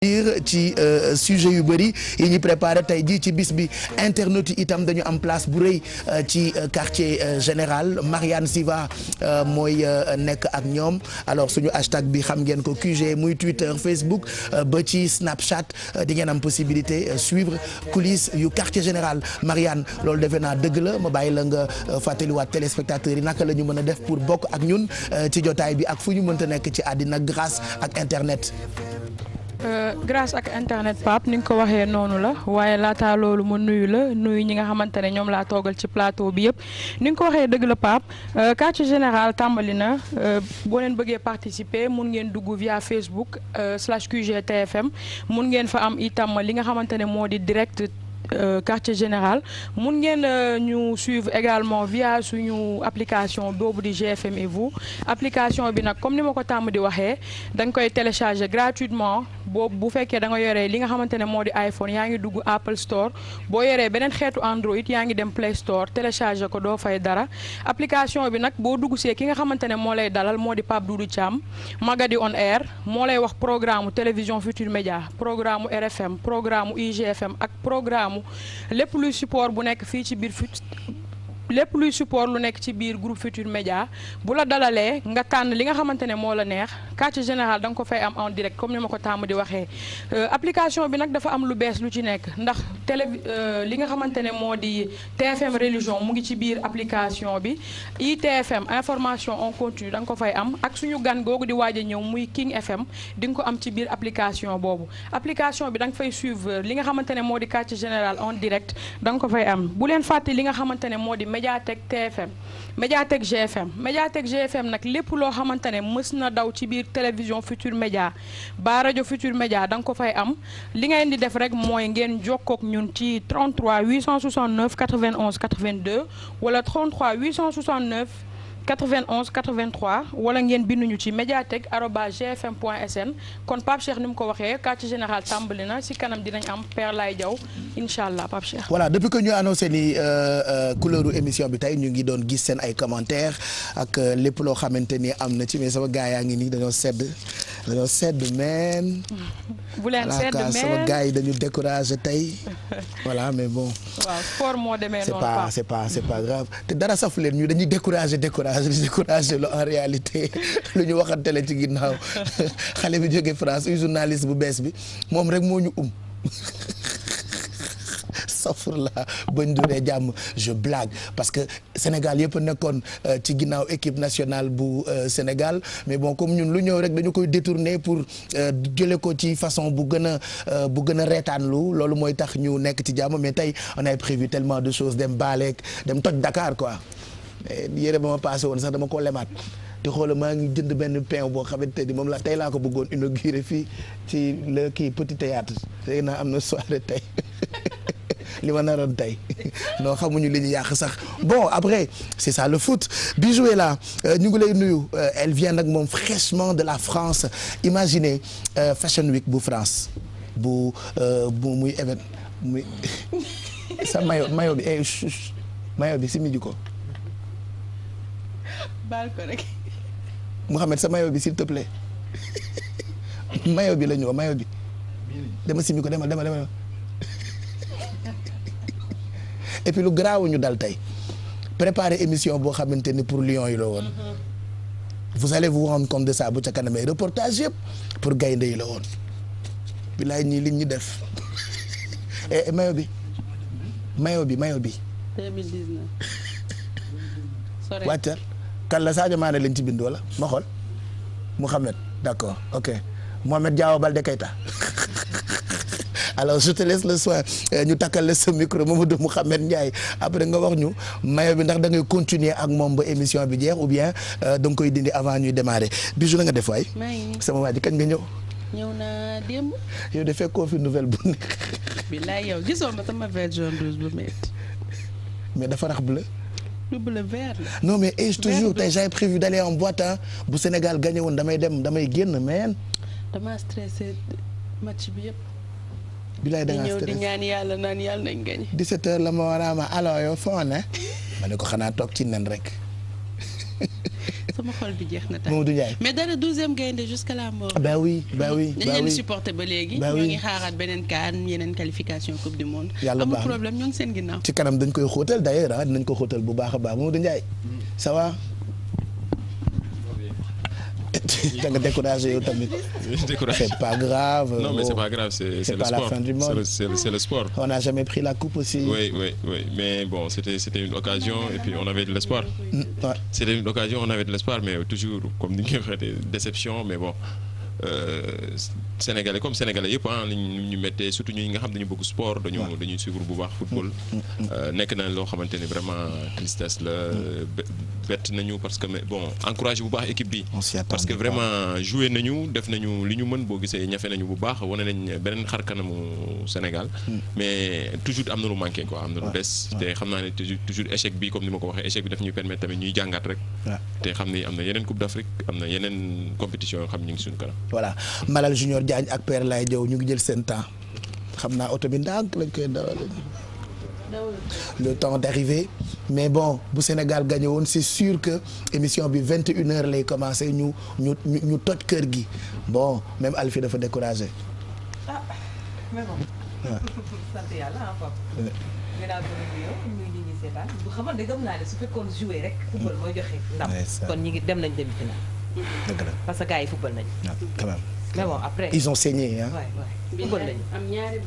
dir ci euh, sujet yu bëri yi ñu préparé tey jii ci bis bi internautes itam dañu am place bu rëy euh, ci euh, quartier général Marianne Siva mooy nekk ak ñoom alors suñu hashtag bi xam ngeen ko QG muy Twitter Facebook ba ci Snapchat di ngeen am possibilité suivre coulisses yu quartier général Marianne loolu defe naa dëgg la ma bàyyi la nga fàttaliwaat téléspectateurs yi naka la ñu mën a def pour bokk ak ñun ci jotaay bi ak fu ñu mënta nekk ci àddina grâce ak internet Euh, grace ak internet Pape ni nga ko waxee noonu la waaye laataa loolu ma nuyu la nuyu ñi nga xamante ne ñoom laa toogal ci plateau bi yëpp ni nga ko waxee dëgg la Pape euh, quartier général tàmbali na euh, boo leen bëggee participer mun ngeen dugg via Facebook slash QGTFM mun ngeen fa am itam li nga xamante ne moo di direct. Euh, quartier général mun ngeen euh, ñu suivre également via suñu application boobu di GFM et application bi nag comme ni ma ko tàmm di waxee dañ koy télécharger gratuitement boobu bu fekkee da nga yoree li nga xamante ne moo di iPhone yaa ngi dugg Apple Store boo yoree beneen xeetu Android yaa ngi dem Play Store télécharger ko doo fay dara application bi nag boo dugg see ki nga xamante ne moo lay dalal moo di Pape Doudou Thiam Magadi on air moo lay wax programme télévision Futur Média programme lépp luy support bu nekk fii ci biir fut lépp luy support lu nekk ci biir groupe Futur Média bu la dalalee nga tànn li nga xamante ne moo la neex quartier général da nga ko fay am en direct comme ni ma ko tàmm di waxee euh, application bi nag dafa am lu bees lu ci nekk ndax télé euh, li nga xamante ne moo di TFM religion mu ngi ci biir application bi ITFM information en continu da ko fay am ak suñu gan di waaj a ñëw muy King FM di ko am ci biir application boobu application bi da fay suivre li nga xamante ne moo di quartier général en direct bu leen fàtte li nga xamante moo di Mediatek TFM Mediatek GFM Mediatek GFM nag lépp loo xamante ne mës na daw ci biir télévision Futur Média ba rajo Futur Média da nga ko fay am li ngeen di def rek mooy ngeen jokkook ñun ci 33 869 91 82 wala 33 869. 91 83 wala ngeen binduñu ci médiathèque arobase gfm point sn kon Pape ni mu ko waxee quartier général tàmbali na si kanam dinañ am Père Laye jaw incha allah Pape Cheikh. voilà depuis que ñu annoncé ni euh, euh, couleur émission bi tey ñu ngi doon gis seen ay commentaires ak euh, lépp loo xamante ni am na ci mais sama gars yaa ngi nii dañoo sedd dañoo sedd meen. bu leen sedd meen sama gars yi dañu découragé tey voilà mais bon. waaw sport moo demee noonu. c'est te dara safu leen ñu dañuy découragé découragé. courage découragé la en réalité lu ñu waxante la ci ginnaaw xale bi jóge France uy journaliste bu bees bi moom rek moo ñu um safur la bañ duree jàmm je blague parce que Sénégal yëpp nekkoon euh, ci ginnaaw équipe nationale bu euh, Sénégal mais bon comme ñun lu ñëw rek dañu koy détourner pour euh, jële ko ci façon bu gën a bu gën a reetaanlu loolu mooy tax ñu nekk ci jàmm mais tey on a prévu tellement de choses dem baaleek dem toj Dakar quoi Eh, yére ba ma passé woon sax dama ko lemaat di xoola maa ngi jënd benn pain boo xamante ni moom la tey laa ko bëggoon inauguré fii ci le kii petit théâtre léegi naa am na soirée tey li ma naroon tey non xamuñu li ñu yàq sax bon après c'est ça le foot Bijou est là euh, ñu ngi lay nuyu euh, elle vient nag moom fraîchement de la France imaginez euh, Fashion Week bu France bu euh, bu muy événement muy sa mayo mayo bi eh, mayo bi si miji ko baal ko rek. Mouhamed sa mayo bi s'il te plaît maillot bi la ñu bi dama simi ko demal demal demal et lu garaawu ñu dal tey préparer émission boo xamante ni pour Lions yi la woon. vous allez vous rendre de ça bu ca kanamee reportage yëpp pour gaynde yi la woon. bilaay ñii liñ ñu def eh mayo bi mayo bi mayo bi. 2019. kan la Sadio lañ ci bind wala ma xool Mouhamed d'accord ok Mohamed Diaw Baldé Keita alors je te laisse le soin euh, ñu takkal la sa micro Mamadou Mouhamed Ndiaye après nga wax ñu mayo bi ndax dangay continuer ak moom ba émission bi jeex ou bien euh, da nga koy dindi avant ñuy démarrer Bijou na nga def waay. sama waa ji kañ nga ñëw. ñëw naa démb. yow de fekkoo fi nouvelle bu nekk. mais dafa rax bleu. le bleu vert là. mais et toujours tey j'avais prévu d'aller en boîte bu Sénégal gagné damay dem damay génn mais. damaa stressé match bi yëpp. bilaay da ngaa stressé di ñaan yàlla naan yàlla nañ gagné. 17h la ma war a ma alors yow ne. ko xanaa toog ci nen rek. sama xol bi jeex na tax Mamadou Ndiaye mais dara douzième gaynde jusqu'à ba léegi. bah oui ñoo ngi xaaraat beneen kaan yeneen qualification coupe du monde. yàlla baax amul problème ñoo ngi seen ginnaaw. ci kanam dañ koy xóotal d'ailleurs ah dinañ ko xóotal bu baax a baax Mamadou Ndiaye. ça va. da nga découragé yow tamit. découragé c'est pas grave. non mais c'est pas oh. grave c'est c'est le sport c'est pas la fin du monde c'est le sport. on n'a jamais pris la coupe aussi. oui oui oui mais bon c'était c'était une occasion et puis on avait de l'espoir. Mm, c'était une occasion on avait de l'espoir mais toujours comme ni nga ko waxee déception mais bon. Euh, sénégalais comme sénégalais yëpp ah ñu méttee surtout ñi nga xam dañu bëgg sport. dañu dañuy suivre bu baax football. Mm, mm, mm, euh, nekk na loo xamante ne vraiment tristesse la. bett nañu parce que mais bon encouragé bu baax équipe bi. parce que vraiment joué nañu def nañu li ñu mën boo gisee ñafe nañu bu baax wane nañ beneen xar kanamu Sénégal. mais toujours am na lu manqué quoi am na lu des. te xam naa ne toujours échec bi comme ni ma ko waxee échec bi daf ñu permettre tamit ñuy jàngaat rek. te xam ni am na yeneen na yeneen compétition yoo xam ñu ngi suñu kanam. voilà Malal Junior Diagne ak Père Laye Diaw ñu ngi jël seen temps xam naa auto bi ndànk lañ koy dawale le temps d'arriver mais bon bu Sénégal gagné woon c'est sûr que émission bi 21 heures lay commencé ñu ñu ñu toj kër gi bon même Alfie dafa découragé. ah mais de nañ dëgg la parce que gars yi football nañu. Ah, quand même. mais bon après ils ont saigné ah. football nañu am ñaari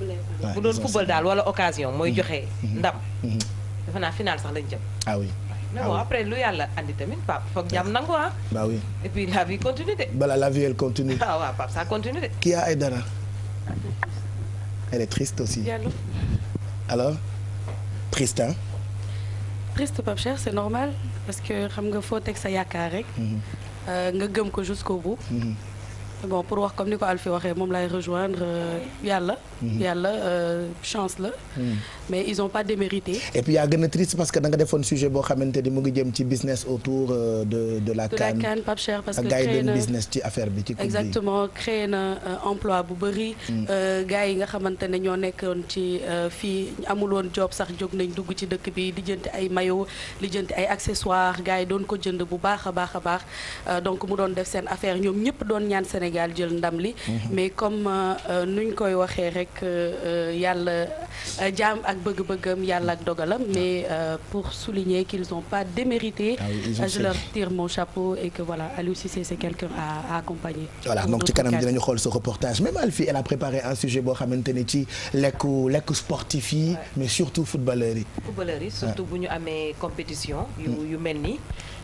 bu doon football daal wala occasion mooy mhm. joxe mhm. ndam. Mhm. defe naa final sax lañ jëm. ah oui. mais ah bon après lu yàlla andi tamit Pape foog jàmm nangu ah. bah oui et puis la vie continue de. bala la vie elle continue. ah waaw Pape ça continue de. kii a ay dara. elle est triste aussi. alors triste hein. triste Pape Cheikh c'est normal parce que xam nga foo teg sa yaakaar rek. Euh, nga gëm ko jusqu'au bout. Mhm. bon pour wax comme ni ko Alfie waxee moom laay rejoindre euh, yàlla. Mhm. yàlla euh, chance la. Mhm. mais ils ont pas démérité. et puis yaa gën a triste parce que da nga defoon sujet boo xamante ni mu ngi jëm ci business autour euh, de de la. de la CAN Pape Cheikh parce que créé na business ci affaire bi ci. exactement créé na euh, emploi bu bëri. Mm. Euh, gars yi nga xamante ne ñoo nekkoon ci fii amul woon job sax jóg nañ dugg ci dëkk bi lijjanti ay mayo lijjanti ay accessoires gars yi doon ko jënd bu baax a baax a baax donc mu doon def seen affaire ñoom ñëpp doon ñaan Sénégal jël ndam li. Mm-hmm. mais comme nuñ koy waxee rek yàlla jaam ak bëgg-bëggam yàlla ak dogalam mais euh, pour souligner qu'ils ont pas démérité ah oui, je leur tire mon chapeau et que voilà Aliou Cissé c'est quelqu'un à, accompagner voilà donc ci kanam dinañu xool ce reportage même Alfie elle a préparé un sujet boo xamante ne ci lekku lekku sportif yi mais surtout footballeurs surtout bu ñu amee compétition yu mm. yu mel nii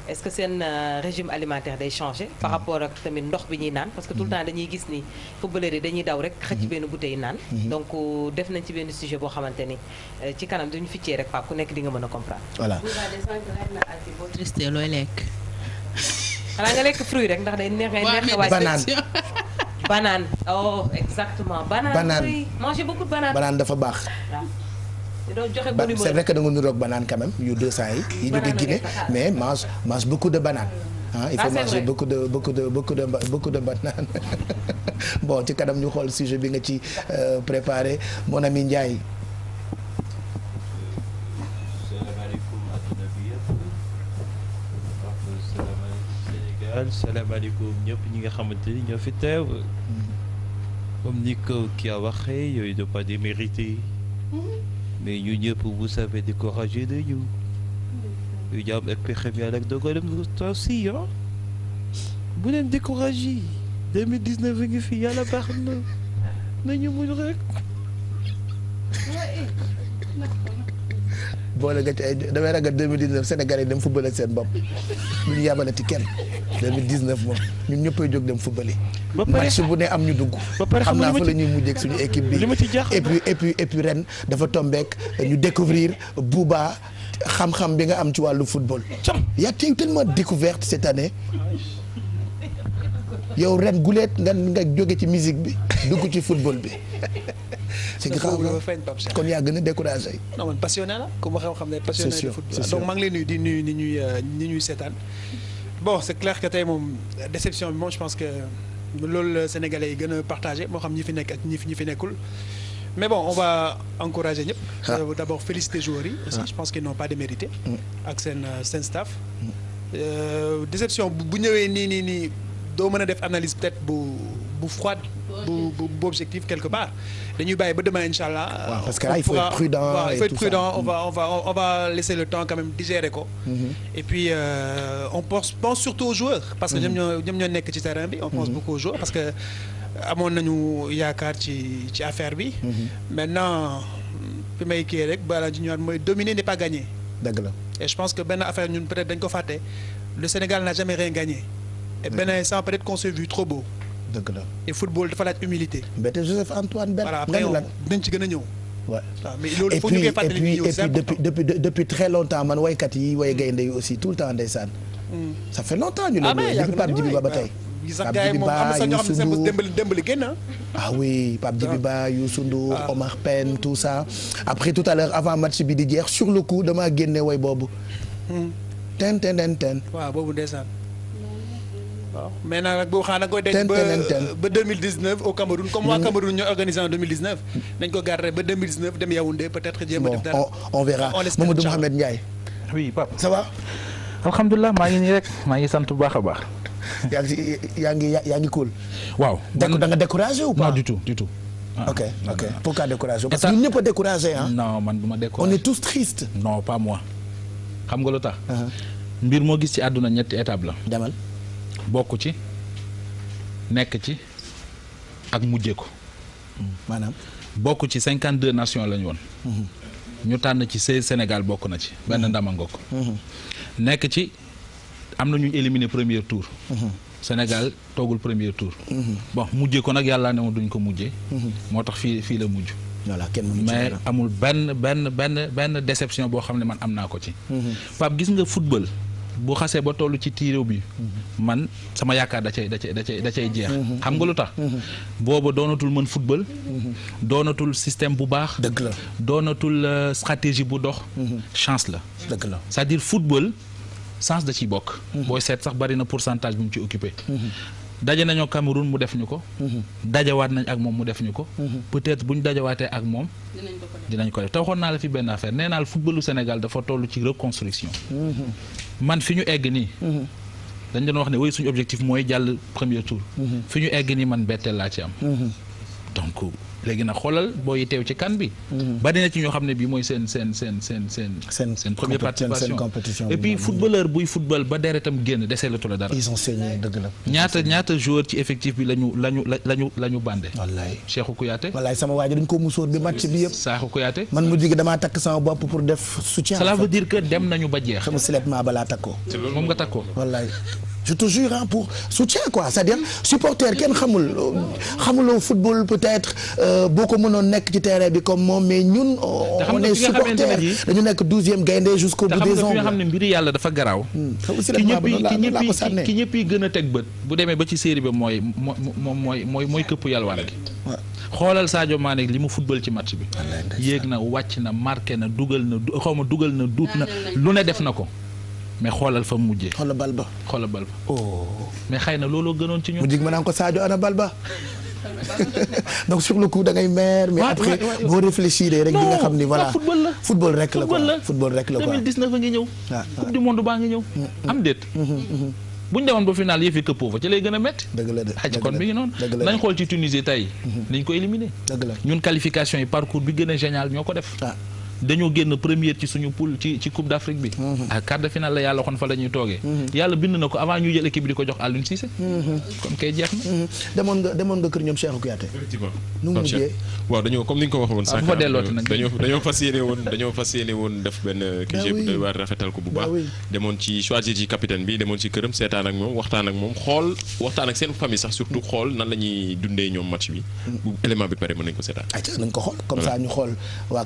est-ce que seen euh, régime alimentaire day changer par mm-hmm. rapport ak tamit ndox bi ñuy naan parce que tout le mm-hmm. temps dañuy gis ni footballeur yi dañuy daw rek xëcc mm-hmm. benn bouteille naan donc euh, def nañ ci benn sujet boo xamante ni euh, ci kanam duñu ficcee rek Pape ku nekk di nga mën a comprendre voilà xanaa nga lekk fruit rek ndax day neex ngay neex waaye banaan banaan oh exactement banaan banaan manger banaan banaan dafa baax c'est vrai que da nga nuroog banaan quand même yu 200 yi yi jóge Guinée mais mange mange beaucoup de bananes ah il faut manger beaucoup de beaucoup de beaucoup de beaucoup bon ci kanam ñu xool sujet bi nga ci euh, préparé mon ami Ndiaye salaamaaleykum ñëpp ñi nga xamante ni ñoo fi mm-hmm. ni ko kii yooyu mais ñu ñëpp vous savez découragé nañu yu jaam ak si yàlla ak dogalam toi aussi ah bu leen découragé 2019 a ngi fi yàlla baax na nañu muñ rek boole nga ci ay eh, damay ragal 2019 Sénégal yi dem football ak seen bopp lu ñu yabalati kenn 2019 moom ñun jóg dem football yi. ba pare bu ne am ñu dugg. ba pare xam naa fa la ñuy mujjee ak suñu équipe bi. li ma ci jaaxal et puis et puis et puis ren dafa tombeek ñu découvrir Bouba xam-xam bi nga am ci wàllu football. y a tellement découverte cette année. yow ren guleet nga nga jóge ci musique bi dugg ci football bi. c'est kon yaa gën a découragé. non man passionné la ku ne passionné de foot donc maa ngi lay nuyu di nuyu ni ñuy euh, ni ñuy seetaan bon c'est clair que tey moom déception bi moom je pense que loolu sénégalais yi gën a partagé moo xam ñi fi nekk ak ñi fi fi nekkul. mais bon on va encourager ñëpp. ah euh, d'abord féliciter joueurs yi. aussi ah. je pense qu'ils n'ont pas démérité. Mm. ak seen euh, seen staff. Mm. déception bu ñëwee nii nii nii doo mën a def analyse peut bu bu froide. objectif quelque part dañuy bàyyi ba demain incha allah. waaw parce que là il faut être prudent il faut être prudent mm. on va laisser le temps quand même digérer ko. Mm-hmm. et puis euh, on pense pense surtout aux joueurs. parce que ñoom ñoo ñoom ñoo nekk ci terrain bi. on pense mm-hmm. beaucoup aux joueurs parce que amoon nañu yaakaar ci ci affaire bi. Mm-hmm. maintenant fi may kii rek balaa ji ñëwaat mooy dominer n'est pas gagner. dëgg la et je pense que benn affaire ñun peut-être dañ ko fàtte le Sénégal n'a jamais rien gagné. et Bénin sans peut dëgg la et football dafa laaj humilité. Mbete Joseph Antoine Bell. voilà après dinañ ci gën a ñëw. waaw ah, mais loolu il faut ñu koy fàttali ñu et puis depuis depuis depuis très longtemps man waykat yi way mm. gaynde yi aussi tout le temps ndeysaan. Mm. ça fait longtemps ñu leen di. ah Pape Djibi Ba ba tey. Ah, Pape Djibi Ba Youssou Ndour démbali démbali génn ah. ah oui Pape Djibi Ba Youssou Ndour Omar Pène tout ça. après tout à l'heure avant match bi di jeex sur le coup damaa génne way boobu. Mm. ten ten ten ten. waaw boobu ndeysaan. waaw maintenant nag boo xaana koy denc ba ba 2019 au Cameroun comme waa mm. Cameroun ko garder ba 2019 dem Yaoundé peut-être jéem a def dara. on verra Mamadou Mouhamed Ndiaye. oui Pape ça maa ngi nii rek maa ngi sant bu baax a baax. yaa ngi yaa ngi yaa ngi cool. waaw da nga découragé ou pas. non du tout du tout. Ah. ok ok pourquoi découragé parce que ñun ñëpp découragé ah. non man du ma découragé on est tous tristes. non pas moi. xam nga lu tax. Uh-huh. mbir moo gis ci àdduna ñetti étape la. demal. bokk ci nekk ci ak mujje ko hmm. maanaam bokk ci cinquante deux nations la woon hmm. ñu tànn ci seize Sénégal bokk na ci benn hmm. ndama ngokk nekk ci am na ñu éliminé premier tour Sénégal toogul premier tour bon mujje ko nag yàlla ne ma duñ ko mujje moo tax fii fii la mujj voilà kenn mais amul benn benn benn benn déception boo xam ne man am naa ko ci Pape gis nga football bu xasee ba toll ci tiiréw bi man sama yaakaar da cay da cay da cay da cay jeex xam nga lu tax booba doonatul mën football doonatul système bu baax dëgg la doonatul euh, stratégie bu dox chance la dëgg la c'est-à-dire football chance da ciy bokk booy seet sax bari na pourcentage bi mu ci occupé daje nañoo Cameroun mu def ñu ko. Mhm. dajawaat nañ ak moom mu def ñu ko. Mhm. peut-être bu ñu dajawaatee ak moom. dinañ ko def te naa la fi benn affaire nee naa la footballu Sénégal dafa toll ci reconstruction. Mhm. man fi ñu egg nii. dañ doon wax ne oui suñu objectif mooy jàll premier tour. fi ñu egg nii man betteel laa ci am. donc. léegi nag xoolal booy teew ci kan bi. Mhm. bari na ci ñoo xam ne bii mooy seen seen seen seen seen. seen seen première participation et puis footballeur buy football ba deretam génn deseelatu la dara. ils ont dëgg la. ñaata ñaata joueur ci effectif bi lañu lañu lañu lañu bande. wallaay Cheikhou Kouyaté. wallaay sama waa ji dañu ko musóor bi match bi yëpp. Cheikhou Kouyaté. man mu jigi dama takk sama bopp pour def soutien. cela veut dire dem nañu ba jeex. xam nga balaa takkoo. moom nga takkoo wallaay. je te jure hein, pour soutien quoi c'est-à-dire supporter kenn xamul xamuloo football peut-être euh, boo ko mënoon nekk ci terrain bi comme moom mais ñun on est supporter dañu nekk douzième gaynde jusqu'au bout des ongles xam ne mbiru yàlla dafa garaaw hmm. ki ñëpp ki ñëpp yi gën a teg bët bu demee ba ci série bi mooy moom mooy mooy mooy këpp yàlwaan gi xoolal Sadio Mané li mu football ci match bi yéeg na wàcc na marqué na dugal na xaw ma dugal na duut na lu ne def na ko mais xoolal fa mu xoolal bal ba xoolal bal ba. oh. mais xëy na looloo gënoon ci ñun. mu jig ma naa ko Sadio ana bal ba. donc sur la coup da ngay meer mais après boo réfléchir rek di nga xam ni voilà football la football rek la quoi football rek la quoi 2019 a ngi ñëw ah, ah. coupe du monde baa ngi ñëw mm, mm. am déet mm, bu ñu demoon ba final yëf yi këppoo fa ci lay gën a métti dëgg kon bi ngi noonu nañ xool ci Tunisie tey mm-hmm. niñ ko éliminé dëgg ñun qualification yi parcours bi gën a génial ñoo ko def ah. dañoo génn première ci suñu poule ci ci coupe d' afrique bi mhm. ah quart de finale la yàlla waxoon fa la ñuy toogee mhm. yàlla bind na ko avant ñuy jël équipe bi di ko jox Aliou Cissé mhm. kon kay jeex na demoon nga demoon nga kër ñoom Cheikhou Kouyaté nu ko bu baax demoon ci choisir ci capitaine bi demoon ci këram seetaan ak moom waxtaan ak moom xool waxtaan ak seen famille sax surtout xool nan la ñuy dundee ñoom match bi bu mm. élément bi pare mën nañ ko seetaan nañ ko xool ñu xool waa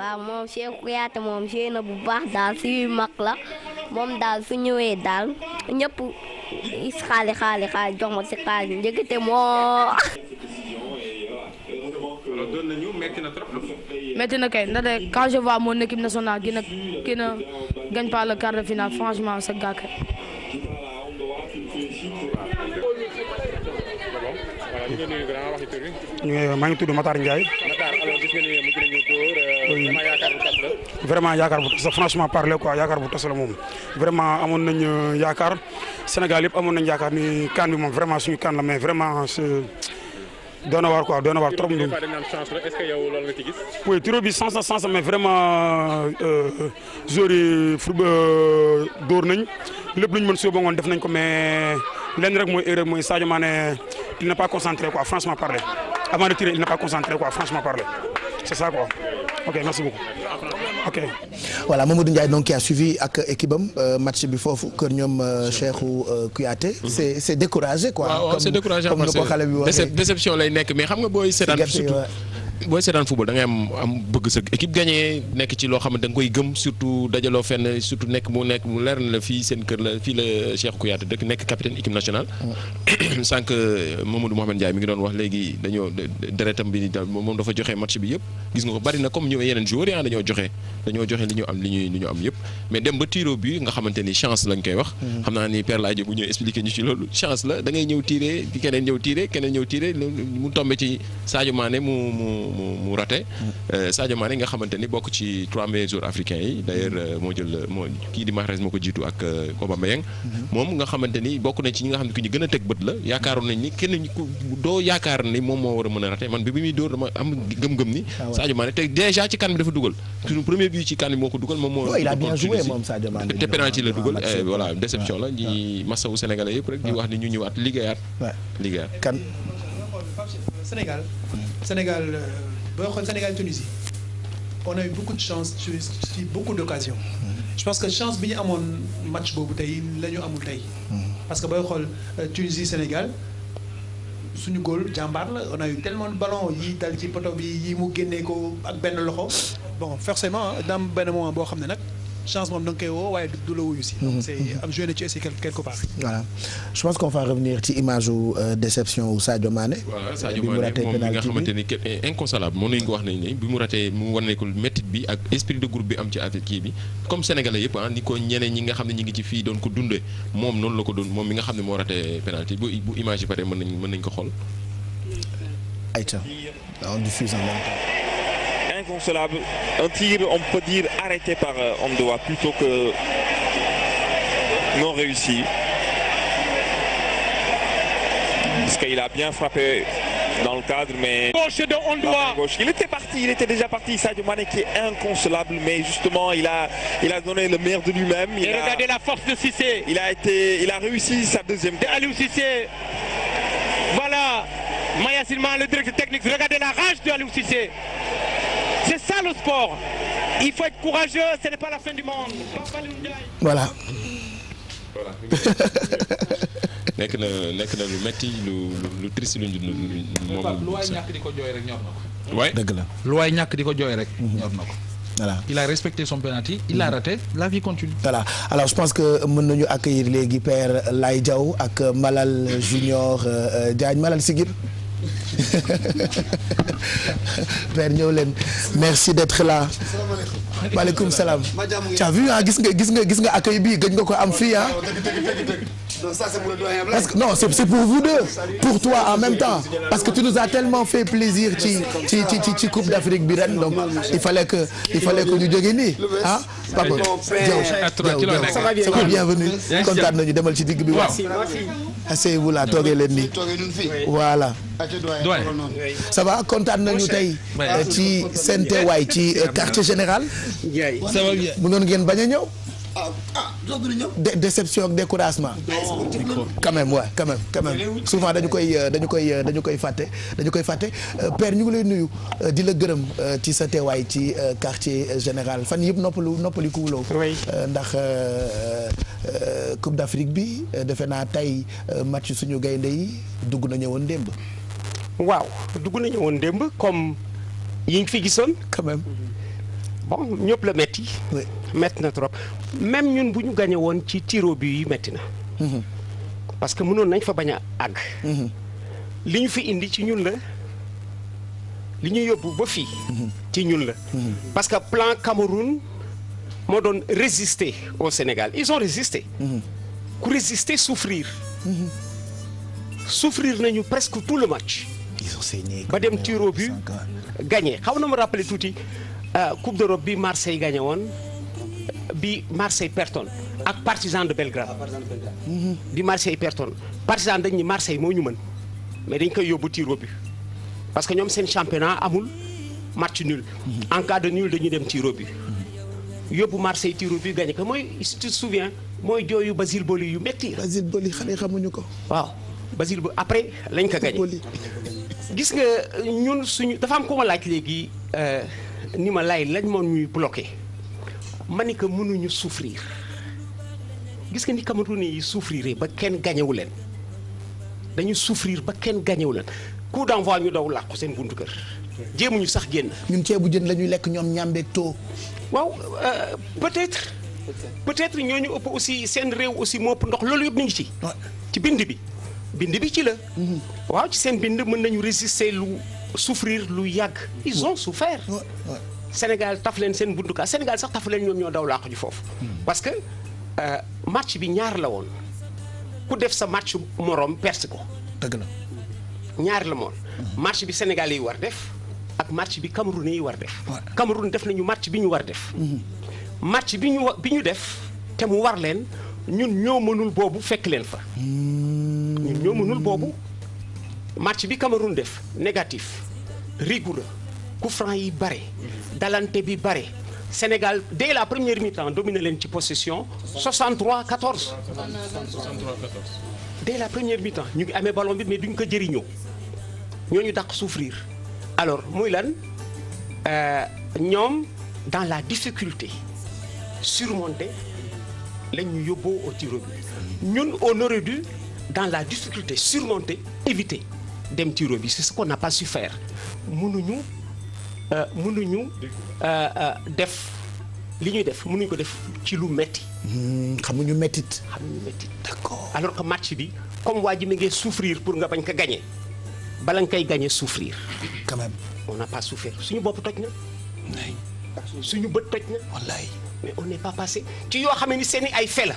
waaw moom Cheikhou Kouyaté moom joué na bu baax daal suñuy mag la moom daal su ñëwee daal ñëpp xaali xaali xaali jox ma si xaalis njëkkate moo. doon na kay ndax quand je vois mon nationale ki na gagne pas le quart de finale franchement sa gàkk. maa ngi tudd Matar Ndiaye. alors gis nga euh, vraiment yaakaar bu tas la. vraiment yaakaar bu tas la franchement parler quoi yaakaar bu tas la moom vraiment amoon nañ euh, yaakaar Sénégal yëpp amoon nañu yaakaar ni kaan bi moom vraiment suñu kan la mais vraiment c' doon ko waar quoi doon na waar trop. mu ngi est-ce que yow mais vraiment euh, joueurs yi football nañ lépp lu ñu mën si ngoon def nañ ko mais lenn rek mooy erreur mooy Sadio Mané il n'est pas concentré quoi franchement parler. avant de tirer il n'est pas concentré quoi franchement parler c'est ça quoi ok merci beaucoup ok. voilà Mamadou Ndiaye donc qui a suivi ak équipe am euh, match bi foofu kër ñoom euh, Cheikhou euh, Kouyaté. Mm-hmm. c'est c'est découragé quoi. waaw waaw c'est découragé comme ni ko déception lay nekk mais xam nga booy seetaan surtout booy seetaan football da ngay am am bëgg sa équipe gagné nekk ci loo xam ne da nga koy gëm surtout dajaloo fenn surtout nekk mu nekk mu leer na la fii seen kër la fii la Cheikh Kouyaté dëkk nekk capitaine équipe nationale. Mm. sànq euh, Mamadou Mouhamed Ndiaye mi ngi doon wax léegi dañoo deretam bi moom dafa joxe match bi yëpp gis nga ko bari na comme ñëw yeneen joueurs yi ah, dañoo joxe dañoo joxe li ñu am li ñuy li ñu am yëpp mais dem ba tiro bi nga xamante ni chance lañ koy wax. Mm. xam naa ni Père Ladio bu ñëw expliqué ñu ci loolu chance la da ngay ñëw tiré keneen ñëw tiré keneen ñëw tiré mu tombé ci Sadio Mané mu mu mu rate sa mm. euh, Sadio Mané nga xamante ni bokk ci trois meilleurs joueurs africains yi d'ailleurs euh, moo jël moo kii di Mahrez moo ko jiitu ak Aubameyang euh, mm-hmm. moom nga xamante ni bokk na ci ñi nga xam ne ki ñu gën a teg bët la yaakaaroon nañ ni kenn ku doo yaakaar ni moom moo war a mën a raté man bi muy dóor dama am gëm-gëm ni. Ah Sadio Mané te déjà ci kan bi dafa dugal. suñu mm. premier but ci kan bi moo ko dugal moom moo. il a bien joué moom Sadio Mané te penalty la dugal eh, voilà déception la ñi masawu sénégalais yëpp rek di wax ni ñu ñëwaat liggéeyaat liggéeyaat kan Sénégal Sénégal euh, booy xool Sénégal Tunisie on a eu beaucoup de chance ci ci beaucoup d'occasions je pense que chance bi ñu amoon match boobu tey la amul tey parce que booy xool euh, Tunisie Sénégal suñu góol jàmbaar la on a eu tellement de ballons yi dal ci poto bi yi mu génnee ko ak benn loxo bon forcément daam benn moment boo xam ne nag chance moom da nga koy woo waaye du la wuyu si. Mhm. donc c' est mhm. quelque part. voilà je pense qu' on va revenir ci image wu euh, déception wu Sadio Mané. Euh, ni kenn eh, inconsolable moom ko wax nañ ne bi mu ratee mu wane ko métit bi ak esprit de groupe bi am ci affaire kii bi comme sénégalais yëpp ah ni ko ñeneen ñi nga xam ne ñi ngi ci fii doon ko dundee moom noonu la ko doon moom mi nga xam ne moo ratee penalty bu bu image yi pare mën nañ mën nañ ko xool. ayca on diffuse en même temps. donc cela, un tir, on peut dire, arrêté par Ondoa euh, plutôt que non réussi. a bien frappé dans le cadre, mais... Il était parti, il était qui est inconsolable, mais justement, il a, donné le meilleur de lui-même. Et a, la force de Cissé. Il a, réussi sa deuxième. De Aliou Cissé, voilà, Maya Silman, le directeur technique. Regardez la rage de Aliou Cissé. C'est ça le sport. Il faut être courageux, ce n'est pas la fin du monde. nekk na nekk na lu metti lu lu triste lu ñu. moom lu waay ñàkk di ko jooy rek ñor na ko. waay dëgg la. lu waay ñàkk di ko jooy rek. ñor na il a respecté son penalty il a raté la vie continue. voilà alors je pense que mën nañu accueillir léegi père Laye Diaw ak Malal Junior Diagne Malal Sigir. père ñëw leen merci d'être là. maaleykum salaam. tu as vu gis nga gis nga gis nga accueil bi gëj nga ko am fii ah. Donc ça c'est que, non, c'est pour vous deux, pour toi en même temps parce que tu nous as tellement fait plaisir ci ci ci ci Coupe d'Afrique bi ren donc il fallait que il fallait que ñu jógee nii ah papa Diaw Diaw bienvenue kontaan nañu demal ci digg bi waaw asseyez-vous là toogee leen nii voilà ça va kontaan nañu tey euh, ci seen teewaay ci euh, quartier général mu noonu ngeen bañ a ñëw ah, ah, dé déception ak découragement. quand même waaw quand même souvent dañu koy euh, dañu koy euh, dañu koy fàtte dañu koy fàtte euh, per ñu ngi lay nuyu di la gërëm ci sa teewaay ci quartier général fan yëpp noppalu noppali ku ndax Coupe d'Afrique bi defe naa tey match suñu gaynde yi dugg na ñëwoon démb. waaw dugg na ñëwoon démb comme yi ngi fi gisoon quand bon ñëpp la métti. oui métti na trop même ñun bu ñu gagné woon ci tiro bi yi métti na. Mhm. parce que mënoon nañ fa bañ a mhm. li ñu fi indi ci ñun la li ñu yóbbu ba fii. Mhm. ci ñun la. parce que plan Cameroun moo doon résister au Sénégal ils ont résisté. ku résister souffrir. souffrir nañu presque tout le match. ba dem tiro bi gañee xaw na ma rappeler tuuti. Euh, coupe d'Europe bi Marseille gagné woon bi Marseille pertoon ak Partizan de Belgrade mhm. bi Marseille pertoon Partizan dañ ni Marseille moo ñu mën mais dañ koy yóbbu tir au parce que ñoom seen championnat amul match nul mhm. en de nul dañuy dem tir au but mhm. yóbbu Marseille tir au but ko mooy si tu mooy jooyu Basile Boli yu métti Basile Boli xale xamuñu ko waaw Basile Boli après lañ ko gagné gis nga ñun suñu dafa am ko ma laaj léegi euh, ni ma lay lañ moon ñuy bloqué ma ni que mënuñu souffrir gis nga ni Cameroun yi souffrir ba kenn gañewu leen dañu souffrir ba kenn gañewu leen coup d'envoi ñu daw làqu seen buntu kër jéemu ñu sax génn. ñun ceebu jën la ñuy lekk ñoom ñàmbeeg too. waaw euh, peut-être. peut-être ñooñu ëpp aussi seen réew aussi moo ëpp ndox loolu yëpp ñu ngi ci. ci bind bi bind bi ci la. Mm-hmm. waaw ci seen bind mën nañu résister lu. souffrir lu yàgg. ils ont souffert. Sénégal taf leen seen buntukaay Sénégal sax tafu leen ñoom ñoo daw laax ju foofu. Hmm. parce que euh, match bi ñaar la woon ku def sa match moroom perte ko. dëgg la ñaar la moon hmm. match bi Sénégal yi war def ak match bi Cameroun yi war def. Cameroun def nañu match bi ñu war def. Hmm. match bi ñu bi ñu def te mu war leen ñun ñoo mënul boobu fekk leen fa. ñun ñoo mënul boobu. match bi Cameroun def négatif rigoureux coup franc yi bare dalante bi bare Sénégal dès la première mi-temps dominé leen ci possession 63 14. 63 14. dès la première mi-temps ñu ngi amee ballon bi mais duñ ko jëriñoo ñoo ñu dàq souffrir alors muy lan euh, ñoom dans la difficulté surmontée la ñu yóbboo au tir ñun on du dans la difficulté surmontée éviter. dem ci robinet c'est ce qu'on n'a pas su faire mënuñu euh, mënuñu euh, euh, def li ñuy def mënuñu ko def ci lu metti hmm, xamuñu mettit xamuñu mettit d'accord alors que match bi comme waa ji mi ngi souffrir pour nga bañ ko gañee bala nga koy gagner souffrir quand même on n'a pas suñu bopp toj na suñu bët toj na wallaay mais on pa pas passé ci yoo xam ni seen i ay fe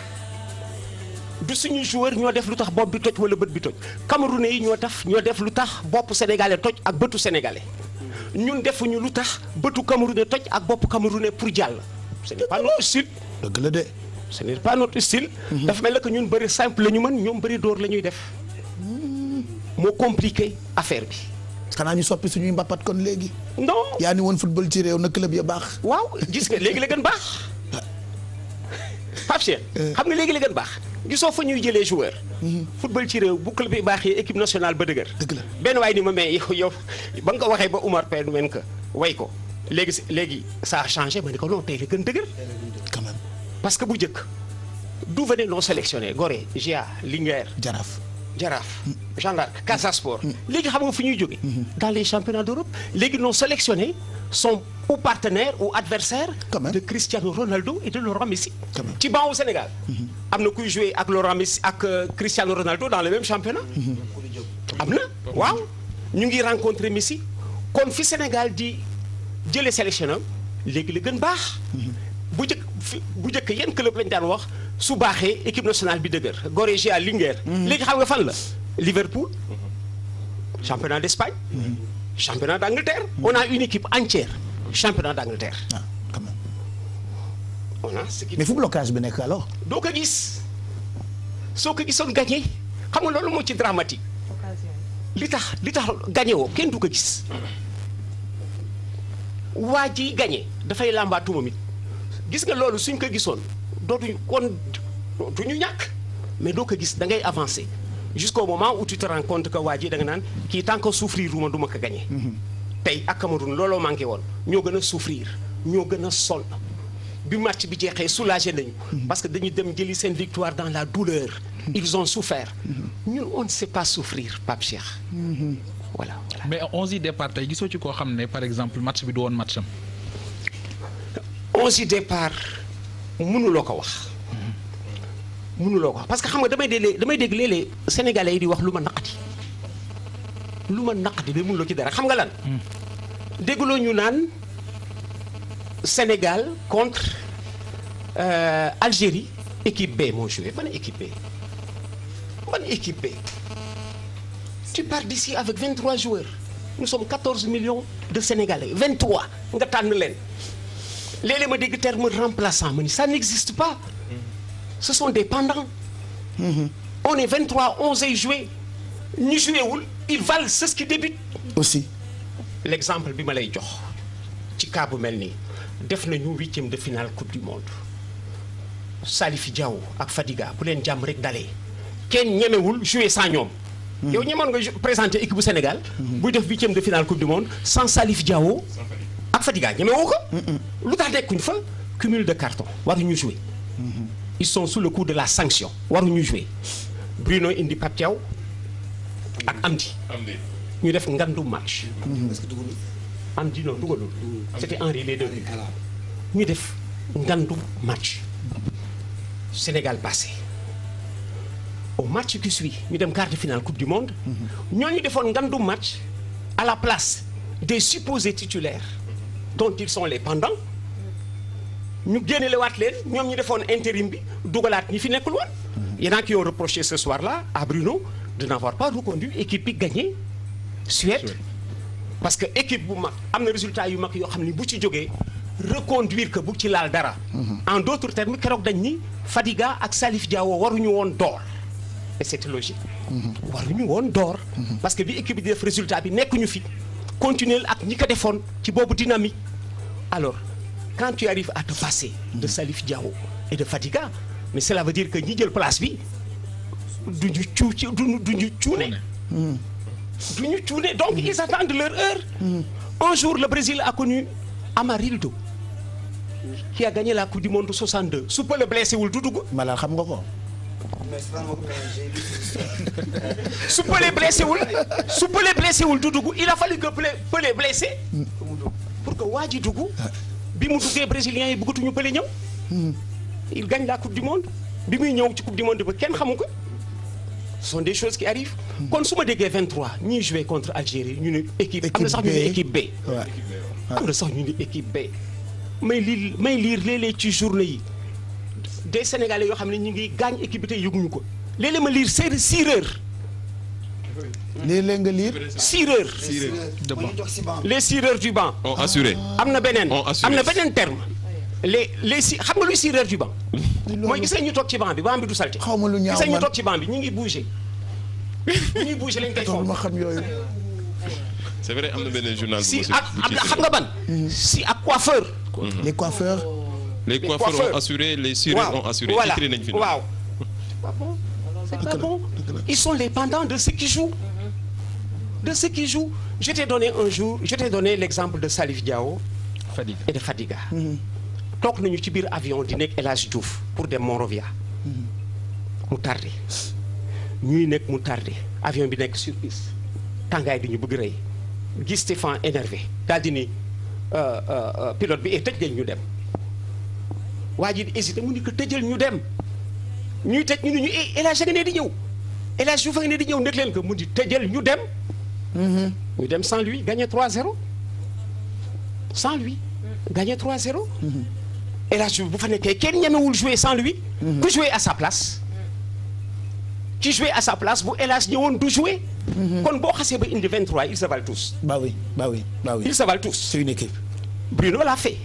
du suñu joueur ñoo def lu tax bopp bi toj wala bët bi toj camerounais yi ñoo taf ñoo def lu tax bopp sénégalais toj ak bëtu sénégalais ñun defuñu lu tax bëtu camerounais toj ak bopp camerounais pour jàll. ce n'est pas notre style. dëgg la de. ce n'est pas mhm. dafa mel ne que ñun bëri simple la ñu mën ñoom bari door la ñuy def moo compliqué affaire bi. xanaa ñu soppi suñuy mbappat kon léegi. non yaa ni woon football ci réew na club ya baax. waaw gis nga léegi la gën baax Pape euh. xam nga léegi la gën baax. gisoo fa ñuy jëlee joueur. Mhm. football ci réew bu club bi baaxee équipe nationale ba dëgër. dëgg la benn waaye ni ma mais yow yow ba nga ko waxee ba Umar Pène men ko way ko léegi léegi ça a ba ma ko non tey la gën dëgër. parce que bu njëkk d'où venait non sélectionné Gorée Gia Linguère Jaraaf. Jaraaf. Jeanne d'Arc Casa Sport. léegi xam nga fu ñuy jógee. Mhm. dans les championnats d'Europe léegi nos sélectionnés son ou partenaire ou adversaires. de Cristiano Ronaldo et de Laurent Messi. ci ban au Sénégal. Mhm. am na kuy jouer ak Laurent Messi ak euh, Cristiano Ronaldo dans le même championnat. Mhm. am na waaw ñu ngi rencontrer Messi kon fi Sénégal di jëlee sélection am léegi la gën baax. bu jëkk bu jëkk yenn club lañ daan wax. su baaxee équipe nationale bi dëgër Gorée Linguère. Mm-hmm. léegi xaw nga fan la mm-hmm. Liverpool. Mm-hmm. championnat d'Espagne. championnat d'Angleterre. on a une équipe entière championnat d'Angleterre. ah quand même. bi nekk alors. doo ko gis soo ko gisoon gagné xam nga loolu moo ci dramatique. li tax li tax gagné woo kenn du ko gis. waa ji gagné dafay làmbaatu it gis nga loolu suñ ko gisoon. dootuñu kon du ñu ñàkk mais doo ko gis da ngay avancer jusqu'au moment où tu te rends compte que ji da nga naan kii tant que souffrir ma du ma ko gagné. tey ak Cameroun looloo manqué woon ñoo gën a souffrir ñoo gën a sol bi match bi jeexee soulagé nañu. parce que dañu dem jëli seen victoire dans la douleur. ils ont souffert. ñun on ne sait pas souffrir Pape Cheikh. voilà voilà mais onze yi départ tey gisoo ci koo xam ne par exemple match bi du woon match am. départ. mënuloo ko wax. mënuloo ko wax parce que xam nga damay dégg damay dégg léeg-léeg sénégalais yi di wax lu ma naqati lu ma naqati ba mënuloo ci dara xam nga lan. Hmm. déggloo ñu naan Sénégal contre euh, Algérie équipe B moo joué ban équipe B ban équipe B tu avec d'ici avec 23 joueurs nous sommes 14 millions de Sénégalais 23 nga tànn leen. léeg ma dégg terme remplaçant ma ni ça n'existe pas ce sont des pendants mm-hmm. on est 23 11 ay joué ñu joué wul ils valent ce qui aussi l'exemple bi ma lay jox ci cas bu mel nii def nañu huitième de finale coupe du monde Salif Diao ak fatiga bu leen jàmm rek dalee kenn ñemewul jouer sans ñoom mm-hmm. yow ñemoon nga présenter équipe bu Sénégal mm-hmm. buy def huitième de finale coupe du monde sans Salif Diao ak Fadiga ñeme ko. lu tax nekkuñ fa cumul de carton waruñu jouer. ils sont sous le coup de la sanction waruñu jouer. Bruno indi Pape Thiaw ak Amdi. ñu def ngandu match. Mmh. Amdi non dugalul. c'était Henri les ñu def ngandu match. Sénégal passé. au match qui suit ñu dem quart de finale coupe du monde. Mmh. ñooñu defoon ngandu match à la place des supposés titulaires. dont ils sont les ñu ñu génneelewaat leen ñoom ñu defoon intérim bi dugalaat ñi fi nekkul woon. y en a qui ont reproché ce soir-là à Bruno de n'avoir pas reconduit équipe bi gagné Suède. parce que équipe bu mag am na résultat yu mag yoo xam ni bu ci jógee reconduire que bu ci laal dara. Mhm. en d'autres termes keroog dañ ni Fadiga ak Salif Diao waruñu woon door. et c'est logique. Mhm. waruñu woon door. Mhm. parce que bi équipe bi def résultat bi nekkuñu fi. continuer ak ñi ko defoon ci boobu dynamique alors quand tu arrives à te passer de Salif Diao et de Fadiga mais cela veut dire que ñi jël place bi du ñu cuuc du ñu cuune du ñu cuune donc ils attendent leur heure un jour le Brésil a connu Amarildo qui a gagné la coupe du monde 62 su Pelé blessé wul du dugg. Malal xam nga ko. su Pelé blessé wul su Pelé blessé wul du dugg il a fallu que Pelé blessé pour que waa ji dugg bi mu duggee brésilien yi buggatuñu Pelé ñëw. il gagne la coupe du monde bi muy ñëw ci coupe du monde ba kenn xamu ko. ce sont des choses qui arrivent. kon su ma déggee 23 ñuy joué contre Algérie ñu ne équipe. am na sax ñu ne équipe B. am na sax ñu ne équipe B. may lire may lire léeg-léeg ci journée yi. de sénégalais yoo xam ne ñu ngi gaañ équipe bi te ko léeg-léeg ma liir séeréer siireur. léeg-léeg nga liir siireur. les siireurs du banc. on assuré am na beneen am na beneen terme. les les si xam nga luy siireur du banc. mooy gis nañ ñu toog ci banc bi banc bi du salte. xaw ma lu ñaaw gis nañ ñu ci banc bi ñu ngi bougé. ñu lañ koy xool ma xam yooyu. am na benn journal. si xam nga ban. Mhm. si ak coiffeur. les coiffeurs. Oh. les coiffeurs ont assuré les sirènes ont assuré. voilà waaw pas bon c'est ah, pas bon ils sont les pendants de ceux qui jouent de ceux qui jouent je t'ai donné un jour je t'ai donné l'exemple de Salif Diao et de Fadiga mm-hmm. toog nañu ci biir avion di nekk El Hadj Diouf pour dem Monrovia mm-hmm. mu tardé ñuy nekk mu tardé avion bi nekk sur piste tàngaay bi ñu bëgg rey gis Stéphane énervé daal di euh, euh, euh, pilote bi et eh, tëj leen ñu dem waa ji di mu ni ko tëjal ñu dem ñuy tëj ñu ne ñu eh, El Hadj ne di ñëw El Hadj Diouf ne di ñëw nekk leen ko mu di tëjal ñu dem. Mhm. ñu dem sans lui gagné 3-0 sans lui gagné 3-0. Mhm. El Hadj Diouf bu fa nekkee kenn ñemewul jouer sans lui. Mhm. ku jouer à sa place. ci jouer à sa place bu El Hadj ñëwoon du jouer. kon boo xasee ba indi 23 ils se valent tous. bah oui bah oui bah oui. ils se c'est une équipe. Bruno l'a fait.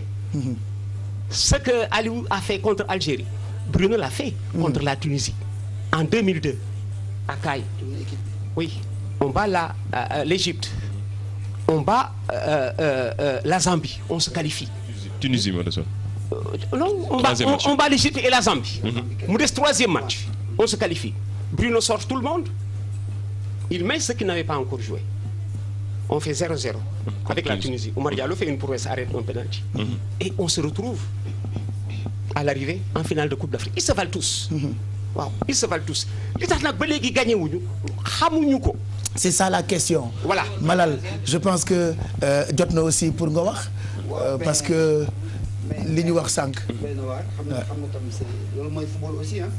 ce que Aliou a fait contre l'Algérie, Bruno l'a fait mm. contre mmh. la Tunisie en 2002 à Caille. Oui, on bat euh, euh, l'Égypte, euh, on bat euh, euh, euh, la Zambie, on se qualifie. Tunisie, Tunisie non, on bat, on, on bat l'Égypte et la Zambie. Mmh. Nous troisième match, on se qualifie. Bruno sort tout le monde. Il met ceux qui n'avaient pas encore joué. on fait 0-0 avec la Tunisie. Omar Diallo fait une prouesse, arrête un penalty. Mm -hmm. Et on se retrouve à l'arrivée en finale de Coupe d'Afrique. Ils se valent tous. Mm -hmm. waaw ils se valent tous li tax nag ba léegi gagné wuñu xamuñu ko. c'est ça la question. voilà Malal je pense que euh, jot na aussi pour nga wax. Euh, parce que li ñu wax sànq. benn waar xam nga xam nga tamit loolu mooy football aussi ah.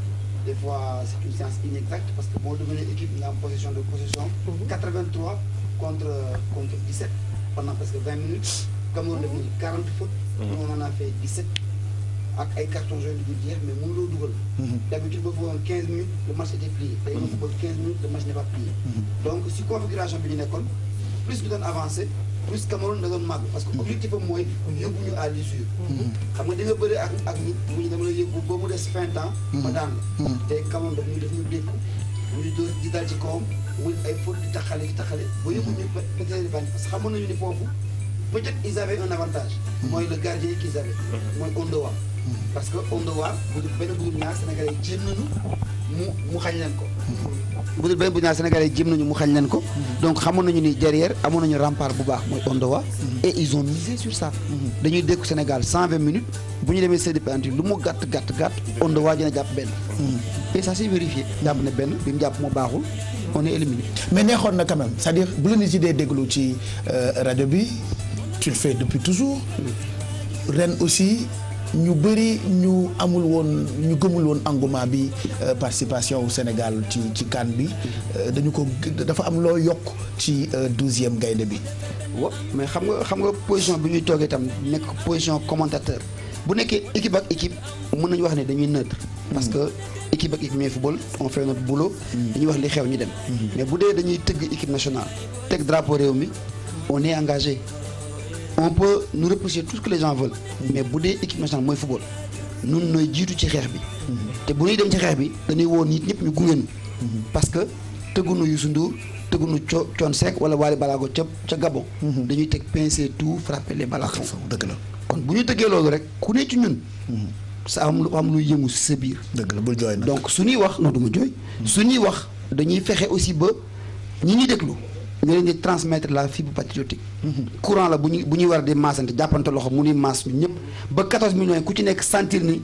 des fois c'est une science inexacte parce que boo demee équipe nga am contre contre 17 pendant que vingt minutes. Cameroun def nañu 40 fautes. nous mm-hmm. on en a fait ak ay cartons jeex mais mënuloo dugal. Mm-hmm. d'habitude boo foogoon 15 minutes le match était plié. tey boo mm-hmm. foogoon 15 bi ñu nekkoon plus ñu doon avancé plus Cameroun da doon màgg parce que objectif am mooy yóbbu ñu à l'usure. xam nga di nga bëri ak nit mu ñu dama la yóbbu ba mu des 20 ans. ma daan la. tey Cameroun daf def ñu dékku mu ñu di dal ci kawam. muy ay pour di taxale di taxale ba yóbbu ñu parce que xamoon nañu ni foofu peut-être ils mooy le gardien qu'ils avaient mooy Ondoa parce que Ondoa bu dul benn bu dul ñaar sénégalais xañ leen ko bu dul benn bu dul ñaar sénégalais nañu mu xañ leen ko donc xamoon nañu ni derrière amoon nañu rempart bu baax mooy Ondoa et ils ont misé sur ça dañuy dékk Sénégal 120 minutes bu ñu demee sédd penalty lu mu gàtt gàtt gàtt Ondoa dina jàpp benn et ça s'est vérifié jàpp ne benn bi mu jàpp moo baaxul on est éliminé. mais neexoon na quand sa cest bu la nit yi dee déglu ci euh, rajo bi tu fait fais depuis toujours ren aussi ñu bëri ñu amul woon ñu gëmul woon engouement bi euh, participation au Sénégal ci ci CAN bi euh, dañu ko dafa am loo yokk ci douzième gaynde bi. wa mais xam nga xam nga position bi ñuy toogee itam nekk position commentateur bu nekkee équipe ak équipe mën nañu wax ne dañuy neutre parce que. équipe ak équipe ñooy football on fait notre boulot. dañuy mm. wax li xew ñu dem. Mm-hmm. mais bu dee dañuy tëgg équipe nationale teg drapeau réew mi on est engagé on peut nous repousser tout ce que les gens veulent. Mm-hmm. mais bu dee équipe nationale mooy football nun nooy jiitu ci xeex bi. Mm-hmm. te bu ñuy dem ci xeex bi dañuy woo nit ñëpp ñu gunge ñu. parce que tëggunu Youssou Ndour tëggunu co Thione Seck wala Wally Ballago ca ca Gabon. dañuy teg pincer tout frapper les balles. dëgg la kon bu ñu tëggee sa am lu am luy yëngu si sa biir. dëgg la bul jooy nag donc su ñuy wax non du ma jooy. su ñuy wax dañuy fexe aussi ba ñi ñuy déglu. ñu leen di transmettre la fibre patriotique. Mhm. courant la bu ñuy bu ñuy war di maasante jàppante loxo mu ni maas ñu ñëpp. ba 14 millions ku ci nekk sentir ni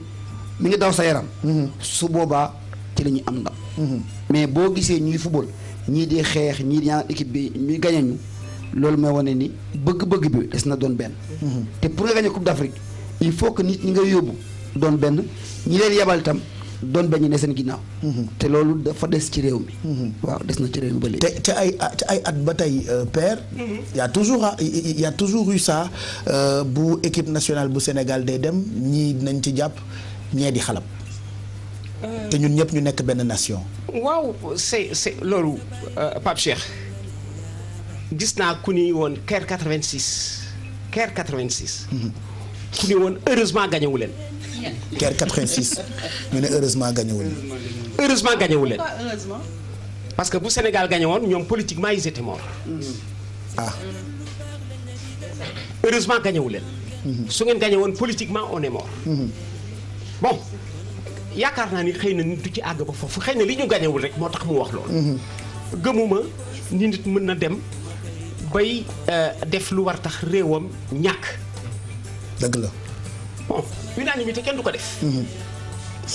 mi ngi daw sa yaram. Mhm. su boobaa ci la ñuy am ndam. Mhm. mais boo gisee ñuy football ñii di xeex ñii di ñaan équipe bi ñuy gañe ñu loolu mooy wane ni bëgg-bëgg bi des na doon benn. te pour nga gañe Coupe d'Afrique que nit ñi nga yóbbu. doon benn ñi leen yebal itam doon bañ ne seen ginnaaw. Mhm. te loolu dafa des ci réew mi. Mhm. waaw des na ci réew mi te te ay at ba tey euh, père. Mhm. y' toujours ah, y' a toujours eu ça euh, bu équipe nationale bu Sénégal day dem ñi nañ ci jàpp ñee di xalab. Euh. te ñun ñëpp ñu nekk benn nation. waaw c'est c'est loolu Pape Cheikh gis naa ku ni woon Caire 86. Caire 86. heureusement gagné leen. guerre 86 ñu ne heureusement gagné wu leen. heureusement gagné leen. parce que bu Sénégal gagné ñoom politiquement ils étaient morts. ah. heureusement gagné leen. Mhm. su ngeen gagné woon politiquement on est mort. Mhm. bon yaakaar naa ni xëy na nit ci àgg ba foofu xëy na li ñu gagné rek moo tax mu wax loolu. Mhm. gëmuma nit mën na dem bay euh, def lu war tax réewam ñàkk. dëgg la. bon unanimité kenn du ko def. Mhm.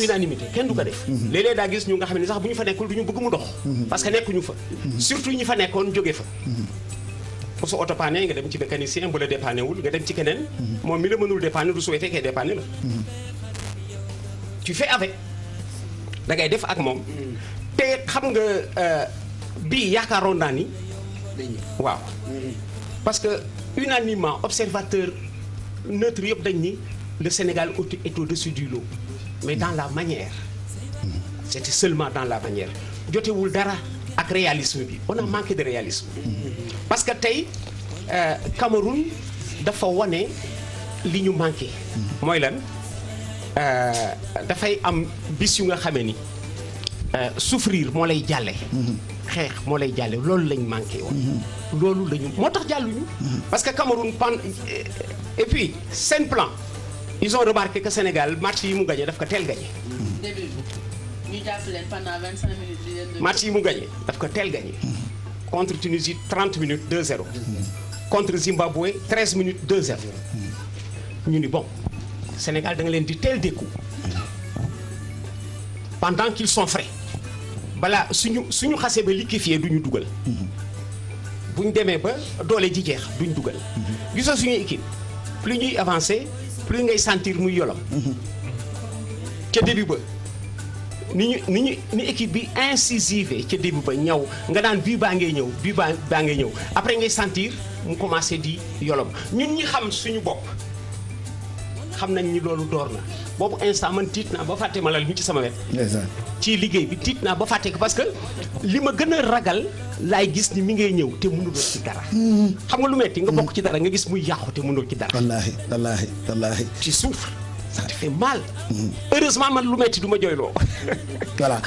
unanimité kenn du ko def. Mhm. léeg-léeg daa gis ñu nga xam ne sax bu ñu fa nekkul du ñu bëgg mu dox. Mhm. parce que nekkuñu fa. surtout ñi fa nekkoon jóge fa. pour sa oto paane nga dem ci mécanicien bu la dépanné wul nga dem ci keneen. moom mi la mënul dépanné du souhaité kay dépanné la. tu fais avec da ngay def ak moom. te xam nga euh, bii yaakaaroon naa ni. waaw parce que unanimement observateur neutre yëpp dañ ni. le Sénégal est au-dessus du lot mais dans la manière c'était seulement dans la manière jotewul dara ak réalisme bi on a manqué de réalisme parce que tey euh, Cameroun dafa wane li ñu manqué mooy lan euh, dafay am bis yu nga xame ni euh, souffrir moo lay jàlle xeex moo lay jàlle loolu lañ manqué woon loolu lañu moo tax jàlluñu parce que Cameroun pan et puis seen plan ils ont remarqué que Sénégal match yi mu gagné daf ko teel gagné. début bi leen pendant 25 minutes. match yi mu gagné daf ko teel gagné. contre Tunisie 30 minutes 2-0. contre Zimbabwe 13 minutes 2-0. ñu ni bon Sénégal da nga leen di teel dékku pendant qu'ils sont frais balaa suñu suñu xasee ba liquéfié duñu dugal. buñ demee ba doole ji jeex duñ dugal. gisoo suñu équipe plus ñuy avancé plus ngay sentir muy yolam ca début ba ni ñu ni ñu ni équipe bi incisive ca début ba ñaw nga daan bii baa ngay ñëw bii baa baa ngay ñëw après ngay sentir mu commencé di yolam ñun ñi xam suñu bopp xam nañ ni loolu door na boobu instant man tiit naa ba fàttee fàtte malal mi ci sama wet ci liggéey bi tiit naa ba fàttee ko parce que li ma gën a ragal laay gis ni mi ngay ñëw te mënuloo ci dara mm-hmm. xam nga lu metti nga bokk mm-hmm. ci dara nga gis muy yàqu te mënoo ci dara wallaahi wallaahi wallaahi ci suuf ça te fait mal. heureusement man lu metti du ma jooyloo. voilà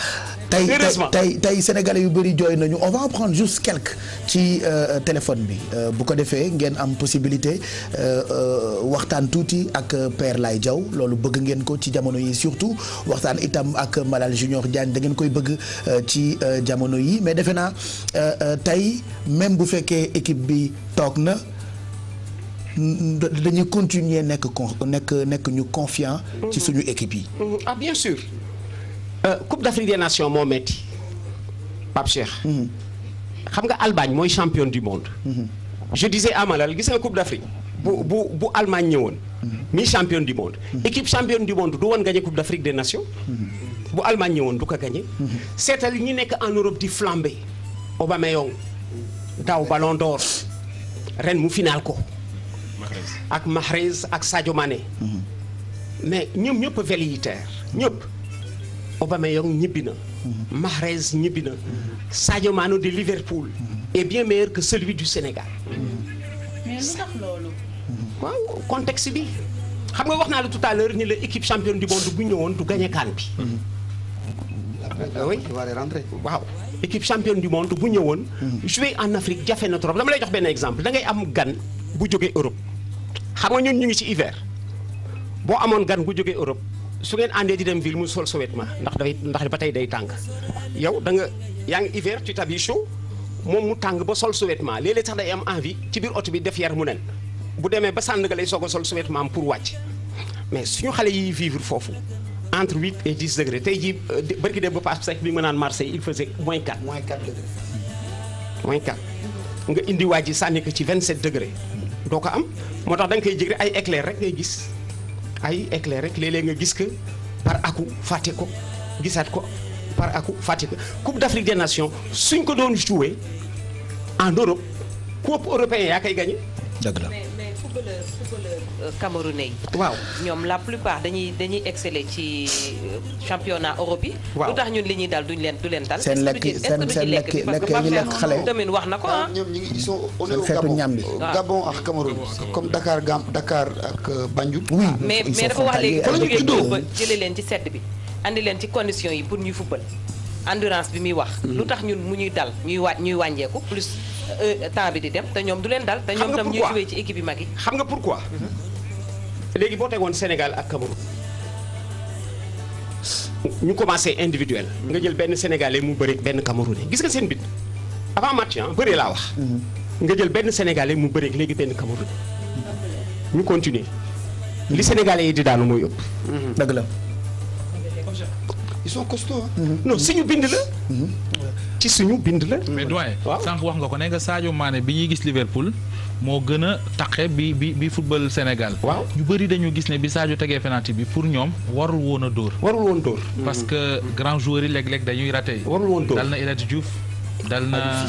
tey tey tey sénégalais yu bëri jooy nañu on va en prendre juste quelques ci euh, euh, téléphone bi euh, bu ko defee ngeen am possibilité waxtaan tuuti ak Père Laye Diaw loolu bëgg ngeen ko ci jamono yi surtout waxtaan itam ak Malal Junior Diagne da ngeen koy bëgg ci jamono yi mais defe naa tey même bu fekkee équipe bi toog na. dañuy continuer nekk nekk nekk ñu confiant. ci suñu équipe yi. ah bien sûr euh, Coupe d'Afrique des Nations moo metti Pape Cheikh. xam nga Allemagne mooy championne du monde. je disais amalal gis nga Coupe d'Afrique bu bu bu Allemagne ñëwoon. mi championne du monde. équipe championne du monde du woon gagné Coupe d'Afrique des Nations. bu Allemagne ñëwoon du ko gagné. seetal ñi nekk en Europe di flambé Aubameyang daw Ballon d'Or ren mu finaal ko. ak Mahrez ak Sadio Mané. mais ñoom ñëpp velléitaire ñëpp. Aubameyang ñibbi na. Mahrez ñibbi na. Sadio Mané de Liverpool. est bien meilleur que celui du Sénégal. loolu. waaw contexte bi xam nga wax naa la tout à l'heure ni la équipe championne du monde bu ñëwoon du gagné bi. waaw équipe championne du monde bu ñëwoon. Mm-hmm. jouer en Afrique jafe na trop dama lay jox benn exemple da ngay am gan bu jógee Europe. xam nga ñun ñu ngi ci hiver boo amoon gan gu jógee Europe su ngeen àndee di dem ville mu sol sous-vêtement ndax dafay ndax ba tey day tàng yow da nga yaa ngi hiver tu t'habilles chaud moom mu tàng ba sol sous-vêtement léeg-léeg day am envie ci biir oto bi def yar mu nen bu demee ba sànn nga lay soog a sol sous-vêtement pour wàcc mais suñu xale yi vivre foofu entre 8 et 10 degrés tey jii euh, barki dem ba paas bi ma naan Marseille il faisait moins 4. moins 4 degrés. nga indi waa ji sànni ko ci 27 degrés. doo ko am moo tax da nga koy jig rek ay éclair rek ngay gis ay éclair rek léeg-léeg nga gis que par aku fàtte ko gisaat ko par aku fàtte ko Coupe d'Afrique des Nations suñ ko doon joué en Europe coupe européen yaa koy gagné. footballeur footballeur yi. Euh, waaw ñoom la plupart dañuy dañuy exceller ci euh, championnat Europe yi. waaw lu tax ñun li ñuy dal duñ leen du leen dal. seen lekk seen seen lekk lekk yi lekk xale tamit wax na ko ah. ñoom ñu ngi sont au Gabon Gabon ak Cameroun comme dakaar Dakar dakaar ak euh, Banjul. oui ah, mais mais dafa wax léegi boo jógee ba jëlee leen ci sedd bi indi leen ci conditions yi pour ñuy football endurance bi muy wax. Hmm. lu tax ñun mu ñuy dal ñuy wa ñuy wàññeeku plus. Euh, temps bi di dem te ñoom du leen daal te ñoom itam ñuy joué ci équipe yu mag yi. xam nga pourquoi. Mhm. léegi boo tegoon Sénégal ak Cameroun. ñu commencé individuel. nga jël benn sénégalais mu bëri benn camerounais gis nga seen bit avant match ah laa wax. Mhm. nga jël benn sénégalais mu bëri léegi benn camerounais. ñu continuer li mhm. sénégalais yi di daanu mooy ëpp. dëgg la. si ñu bind la. ci suñu bind la. mais doyen sànq wax nga ko ne nga Sadio bi ñuy gis Liverpool moo gën a taqe bi bi bi football Sénégal. waaw ñu bëri dañu gis ne bi Sadio tegee penalty bi pour ñoom warul woon a dóor. warul woon dóor. parce que mm-hmm. grand joueur yi léeg-léeg dañuy raté. warul woon dóor dal na El Hadji Diouf. dal na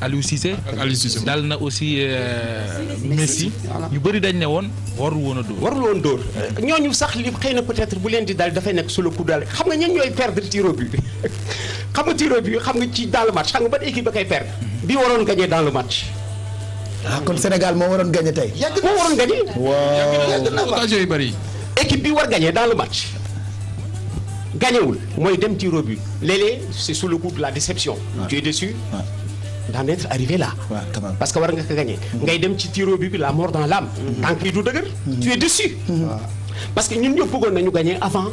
Aliou Cissé Aliou Cissé dal na aussi euh, Messi ñu bari dañ ne woon warul woon a dóor warul woon dóor ñooñu sax li xëy na peut-être bu leen di dal dafay nekk su le coup dal xam nga ñan ñooy perdre tir au xam nga tir au but xam nga ci dans le match xam nga ban équipe ba koy perdre bi waroon gagné dans le match ah kon Sénégal moo waroon gagné tey moo waroon gagné waaw occasion yu bëri équipe bi war gagné dans le match gañewul mooy dem tir au but léeg-léeg c'est sous le coup de la déception tu es déçu d'en être arrivé là parce que war nga ko gagné mm-hmm. ngay dem ci tir au bi la mort dans l'âme mm-hmm. tànk yi du dëgër mm-hmm. tu es déçu parce que ñun ñëpp bëggoon nañu gagné avant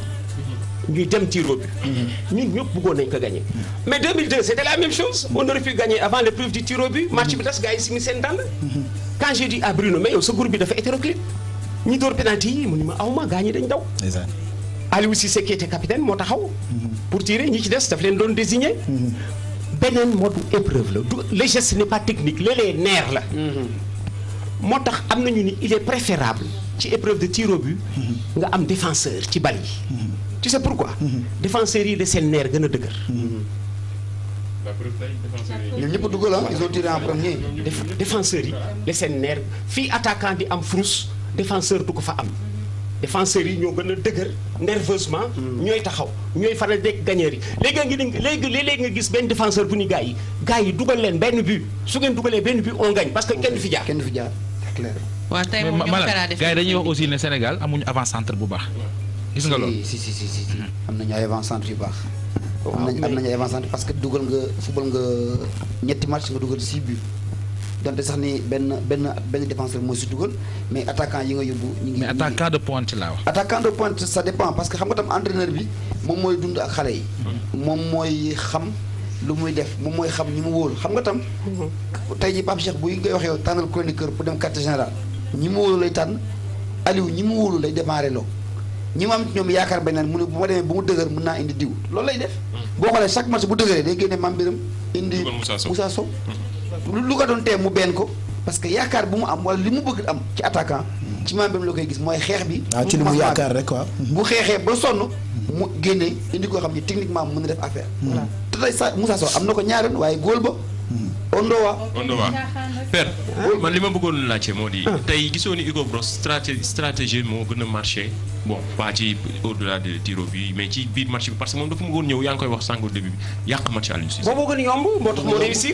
ñuy dem tir au ñun ñëpp bëggoon nañu ko gagné mais 2002 c'était la même chose on aurait pu gagner avant l'épreuve du tir au but match bi tas gars yi si mi seen dànd quand j'ai dit mais yow sa groupe bi dafa hétéroclite yi mu ni ma aw ma gars ñi dañ daw Aliou Cissé qui était capitaine moo taxaw. pour tirer ñi ci des daf leen doon désigner. beneen moo du épreuve la du le geste n'est pas technique léeg-léeg neer la. moo tax am nañu ni il est préférable ci épreuve de tir au nga am défenseur ci bal yi. tu sais pourquoi. défenseurs yi de seen neer gën a dëgër. ñoom ñëpp dugal ah ils ont défenseurs yi de seen neer fii attaquant di am frousse défenseur du ko fa am. défenseurs yi ñoo gën a dëgër nerveusement. Hmm. ñooy taxaw ñooy faral di gagneur yi léegi ngi léegi léeg nga gis benn défenseur bu ni gars yi gars yi dugal leen benn but su ngeen dugalee benn but on parce que kenn du fi jaar kenn du fi jaar c'est clair. waaw yi dañuy wax aussi ne Sénégal amuñu avant centre bu baax. gis nga loolu si si si hmm. am nañu ay avant centre yu baax. am nañu am nañu ay avant centre parce que dugal nga football nga ñetti match nga dugal 6 buts. donte sax ni benn benn benn défenseur mooy si dugal mais attaquant yi nga yóbbu. ngi mais attaquant de pointe laa wax. attaquant de pointe ça dépend parce que xam nga tam entraîneur bi moom mooy dund ak xale yi. Mm-hmm. moom mooy xam lu muy def moom mooy xam ñi mu wóolu xam nga tam. Mm-hmm. tey jii Pape Cheikh buy ngay wax yow tànnal chroniqueur pour dem quartier général ñi mu wóolu lay tànn Aliou ñi mu wóolu lay démarrer loo. ñi ma am ñoom yaakaar bañ mu ne bu ma demee bu mu dëgër mën naa indi loolu lay def. Mm-hmm. boo xoolee chaque match bu dëgëree day génne Mame Birame indi Moussa lu ko doon tee mu benn ko parce que yaakaar bu mu am wala li mu bëgg am ci attaquant ci membre la koy gis mooy xeex bi. waaw ah, ci li mu yaakaar rek quoi. Mhm. bu xeexee ba sonn mu génnee indi koo xam ne techniquement mu mën a def affaire. Mhm. voilà te tey sa Moussa Sow am na ko ñaari waaye góol ba. Mhm. Ondowa. Ondowa per ah. man li ma bëggoon laajte moo di. Ah. tey gisoo ni Hugo Bross stratégie stratégie moo gën a marché bon pas ci au delà de tiro bi mais ci biir marché bi ñëw yaa ngi koy wax sànq au début moo tax moo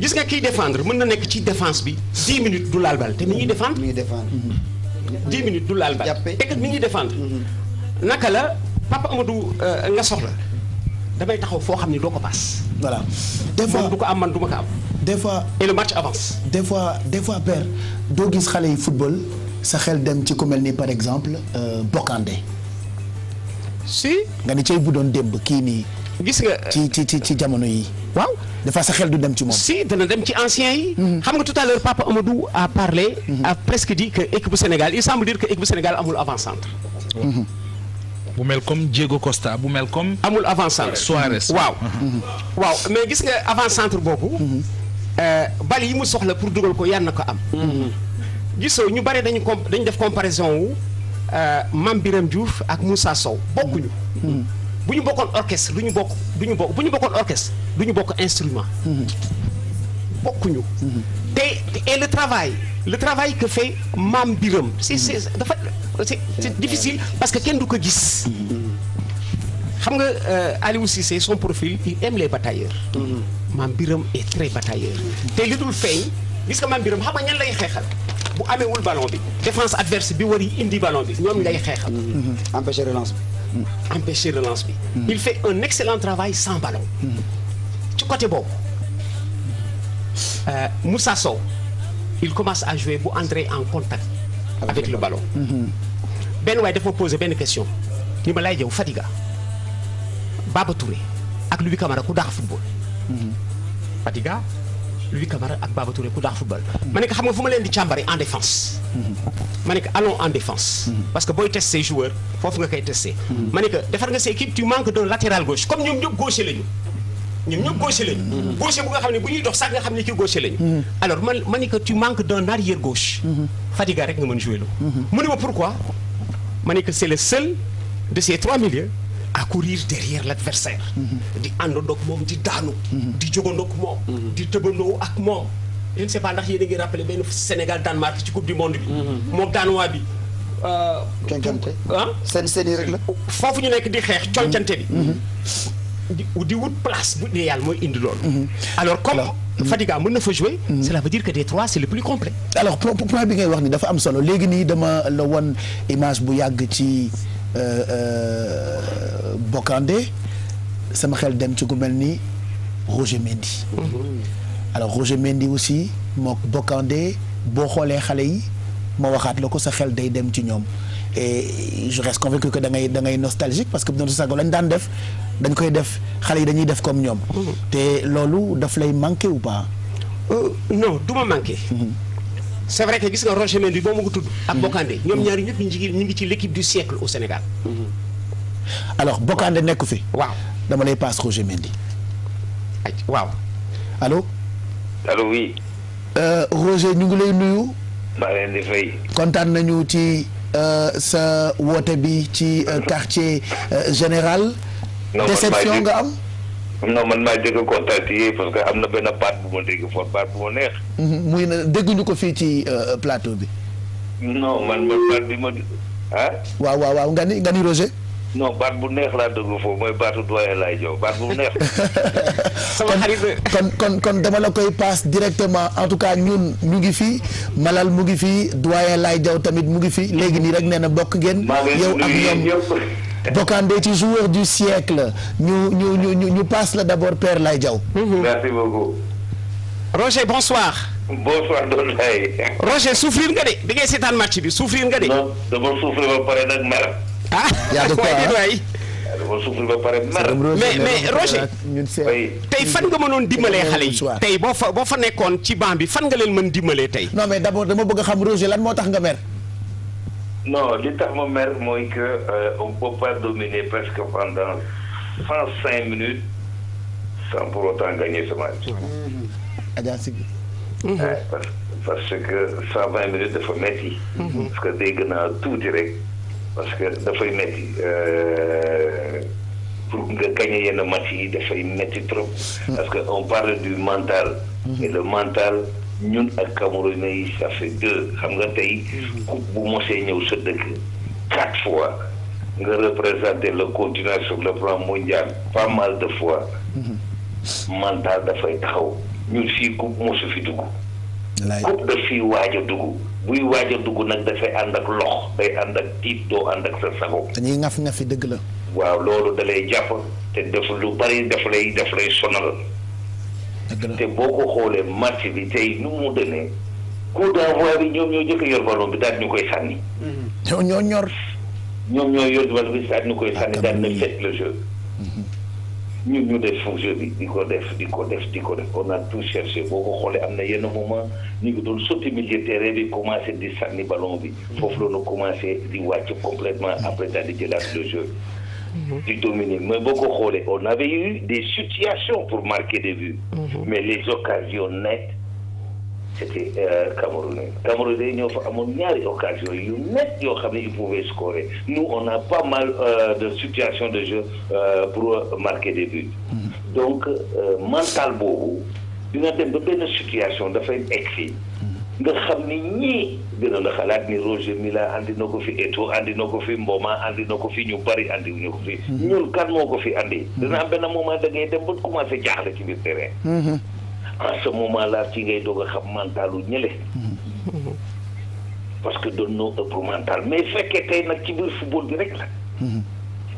gis nga kiy défendre mën na nekk ci défense bi 10 minutes du laal bal te mi ngi défendre. mi ngi défendre. 10 minutes du laal bal. jàppee te kat mi ngi défendre. Mhm. naka la Papa Amadou euh, nga soxla. damay taxaw foo xam ne doo ko paas. voilà des fois du ko am man du ma ko am. des fois et le match avance. des fois des fois père doo gis xale yi football sa xel dem ci ku mel ni par exemple euh, Bokandé. si. nga ni cay bu doon démb kii nii. gis nga ci ci ci jamono yi. waaw des fois sa xel du dem ci moom. si dana dem ci anciens yi. Mhm. xam nga tout à l'heure papa Amadou a parlé. Mhm. a presque dit que équipe bu Sénégal il semble dire que équipe bu Sénégal amul avant centre. Mhm. bu mel comme Diego Costa bu mel comme. amul avant centre Suarez waaw. waaw mais gis nga avant centre boobu. Euh, bale yi mu soxla pour dugal ko yan na ko am. gisoo ñu bare dañu comp dañu def comparaison wu euh, Mame Biram Diouf ak Moussa Sow bokkuñu. bu ñu bokkoon orchestre du ñu bokk du ñu bokk bu ñu bokkoon orchestre du ñu bokk instrument. bokkuñu. te et le travail le travail que fait Maam Biram c'est c'est dafa c'est difficile parce que kenn du ko gis. xam nga euh, Aliou Cissé son profil il aime les batailleurs. Maam Biram est très batailleur. te li dul feeñ gis nga Maam Biram xam nga ñan lay xeexal. bu ameewul ballon bi défense adverse bi war yi indi ballon bi ñoom lay xeexal. empêcher relance bi. empêcher relance bi. Mm. il fait un excellent travail sans ballon. Mm. ci côté boobu euh, Moussa Sow il commence à jouer bu entrer en contact. avec le ballon. Mm-hmm. benn waaye dafa poser benn question ni ma lay Baba Touré ak Louis Camara ku daax football. Mm-hmm. Fadiga. Louis Camara ak Baba Touré ku daax football. ma ne ko xam nga fu ma leen di càmbari en défense. ma ne allons en défense. parce que booy tester joueur foofu nga koy tester. ma ne ko defar nga sa équipe tu manques d'un latéral gauche comme ñoom ñëpp gaucher lañu. ñoom ñëpp gaucher lañu. gaucher bu nga xam ne bu ñuy dox sax nga xam ne kii gaucher lañu. alors man ma ne ko tu manques d'un arrière gauche. Fadiga rek nga mën jouer mu ne ma pourquoi ma ne à courir derrière l'adversaire mm-hmm. di àndandoog moom di daanu mm-hmm. di jógandoog moom mm-hmm. di tëbandoo ak moom je ne sais ndax yéen a ngi rappelé benn Sénégal Danemark ci coupe du monde bi moom daanuwaa bi concante euh, ah seen seen yi rek la foofu ñu nekk di xeex concante bi di wut place bu idéal mooy indi loolu alors comme Fadiga mën na fa jouer cela veut dire que des trois c'est le plus complet alors point bi ngay wax ni dafa am solo léegi nii dama la won image bu yàgg ci Euh, euh, Bokandé sama xel dem ci ku mel ni Roger Mendy. alors Roger Mendy aussi moo Bokandé boo xoolee xale yi ma waxaat la ko sa xel day dem ci ñoom e je reste convaincu que da ngay da nostalgique parce que bu doon lañ daan def dañ koy def xale yi dañuy def comme ñoom. Mm-hmm. te loolu daf lay manqué ou pas. Euh, non du ma manqué. Mm-hmm. c' est vrai que gis nga Roger Mendy boo ma ko tudd. ak Bokandé mm-hmm. ñoom ñaari ñu ngi ñu ngi ci l' équipe du siècle au Sénégal. Mm-hmm. alors nekku fi. waaw dama lay passe Roger Mendy. waaw. allo. allo oui. Euh, Roger ñu ngi lay nuyu. kontaan nañu ci euh, sa woote bi ci euh, quartier général. déception nga am. non man maa jëkk a contacté parce que am na benn baat bu ma dégg foofu baat bu ma neex. Mhm, muy na dégguñu ko fii ci euh, plateau bi. non man man baat bi ma ah. waaw waaw waaw nga ni nga ni Roger. non baat bu neex laa dégg foofu mooy baatu doyen laay jow baat bu neex. sama xarit kon kon dama la koy paas directement en tout cas ñun ñu ngi fi Malal mu ngi fi doyen laay jow tamit mu ngi fi léegi nii rek nee bokk ngeen. yow ak ñoom Bocandé ci joueur du siècle ñu ñu ñu ñu passe la d'abord Père Lay Diaw. Mhm. merci beaucoup. Roger bonsoir. bonsoir Don Lay. Roger souffrir nga de bi ngay seetaan match bi souffrir nga de. non dama souffrir ba pare nag mer. ah yaa dëkk waay dama souffrir ba pare mer. mais mais Roger. tey fan nga mënoon dimbalee xale yi. tey boo fa boo fa nekkoon ci banc bi fan nga leen mën dimbalee tey. non mais d'abord dama bëgg a xam Roger lan moo tax nga mer. non li tax ma mer mooy que euh, on peut pas dominer presque pendant cent cinq minutes sans pour autant gagner ce match. Mm-hmm. Adja mm-hmm. parce que cent vingt minutes dafa metti. Mm-hmm. parce que dégg naa tuuti rek. parce que dafay metti euh, pour nga gagner yenn match yi dafay metti trop. parce que on parle du mental. et le mental. ñun ak Camerounais yi ça fait deux xam nga tey. Mhm. coupe bu mosee ñëw sa dëgg quatre fois. nga représenter le continent sur le plan mondial pas mal de fois. mental mhm. dafay taxaw. ñun fii coupe mosu fi dugg. coupe daf fii waaj a dugg. buy waaj a nag dafay ànd ak lox day ànd ak tiit doo ànd ak sa sago. dañuy ŋaf ŋafi dëgg la. waaw loolu da jàpp te def lu bari daf lay daf lay sonal. te boo ko xoolee match bi tey nu mu demee coup d'envoi bi ñoom ñoo jëkk a yor ballon bi daal ñu koy sànni. Mm-hmm. ñoo ñoo ñor. ñoom ñoo yor ballon bi daal ñu koy sànni daal na fekk le jeu. Mm-hmm. ñu ñu def jeu bi di ko def di ko def di ko def on a tout cherché boo ko am na yenn moment ñu ngi doon sotti milieu terrain bi commencé di sànni ballon bi. Mm-hmm. foofu la ñu commencé di wàcc complètement après daal di jëlaat le jeu. Mhm. du Dominique mais boo ko xoolee on avait eu des situations pour marquer des buts mhm. mais les occasions nettes c'était euh, Camerounais Camerounais ñoo fa amoon ñaari occasion net yoo xam ne ils pouvaient scorer nous on a pas mal euh, de situations de jeu euh, pour marquer des buts mhm. donc mental boobu dina dem ba benn situation dafay egg fii nga xam ni ñii gën a la xalaat ni Roger Mila andi na ko fi Eto'o andi na ko fi Mboma andi na ko fi ñu bari andi wu ko fi. Mhm. ñun kan moo ko fi andi. Mhm. dina am benn moment da ngay dem ba commencé jaaxle ci biir terrain. Mhm. en ce moment là ci ngay doog a xam mentalu ñële. parce que doon noo ëpp mental mais fekkee tey nag ci biir football la.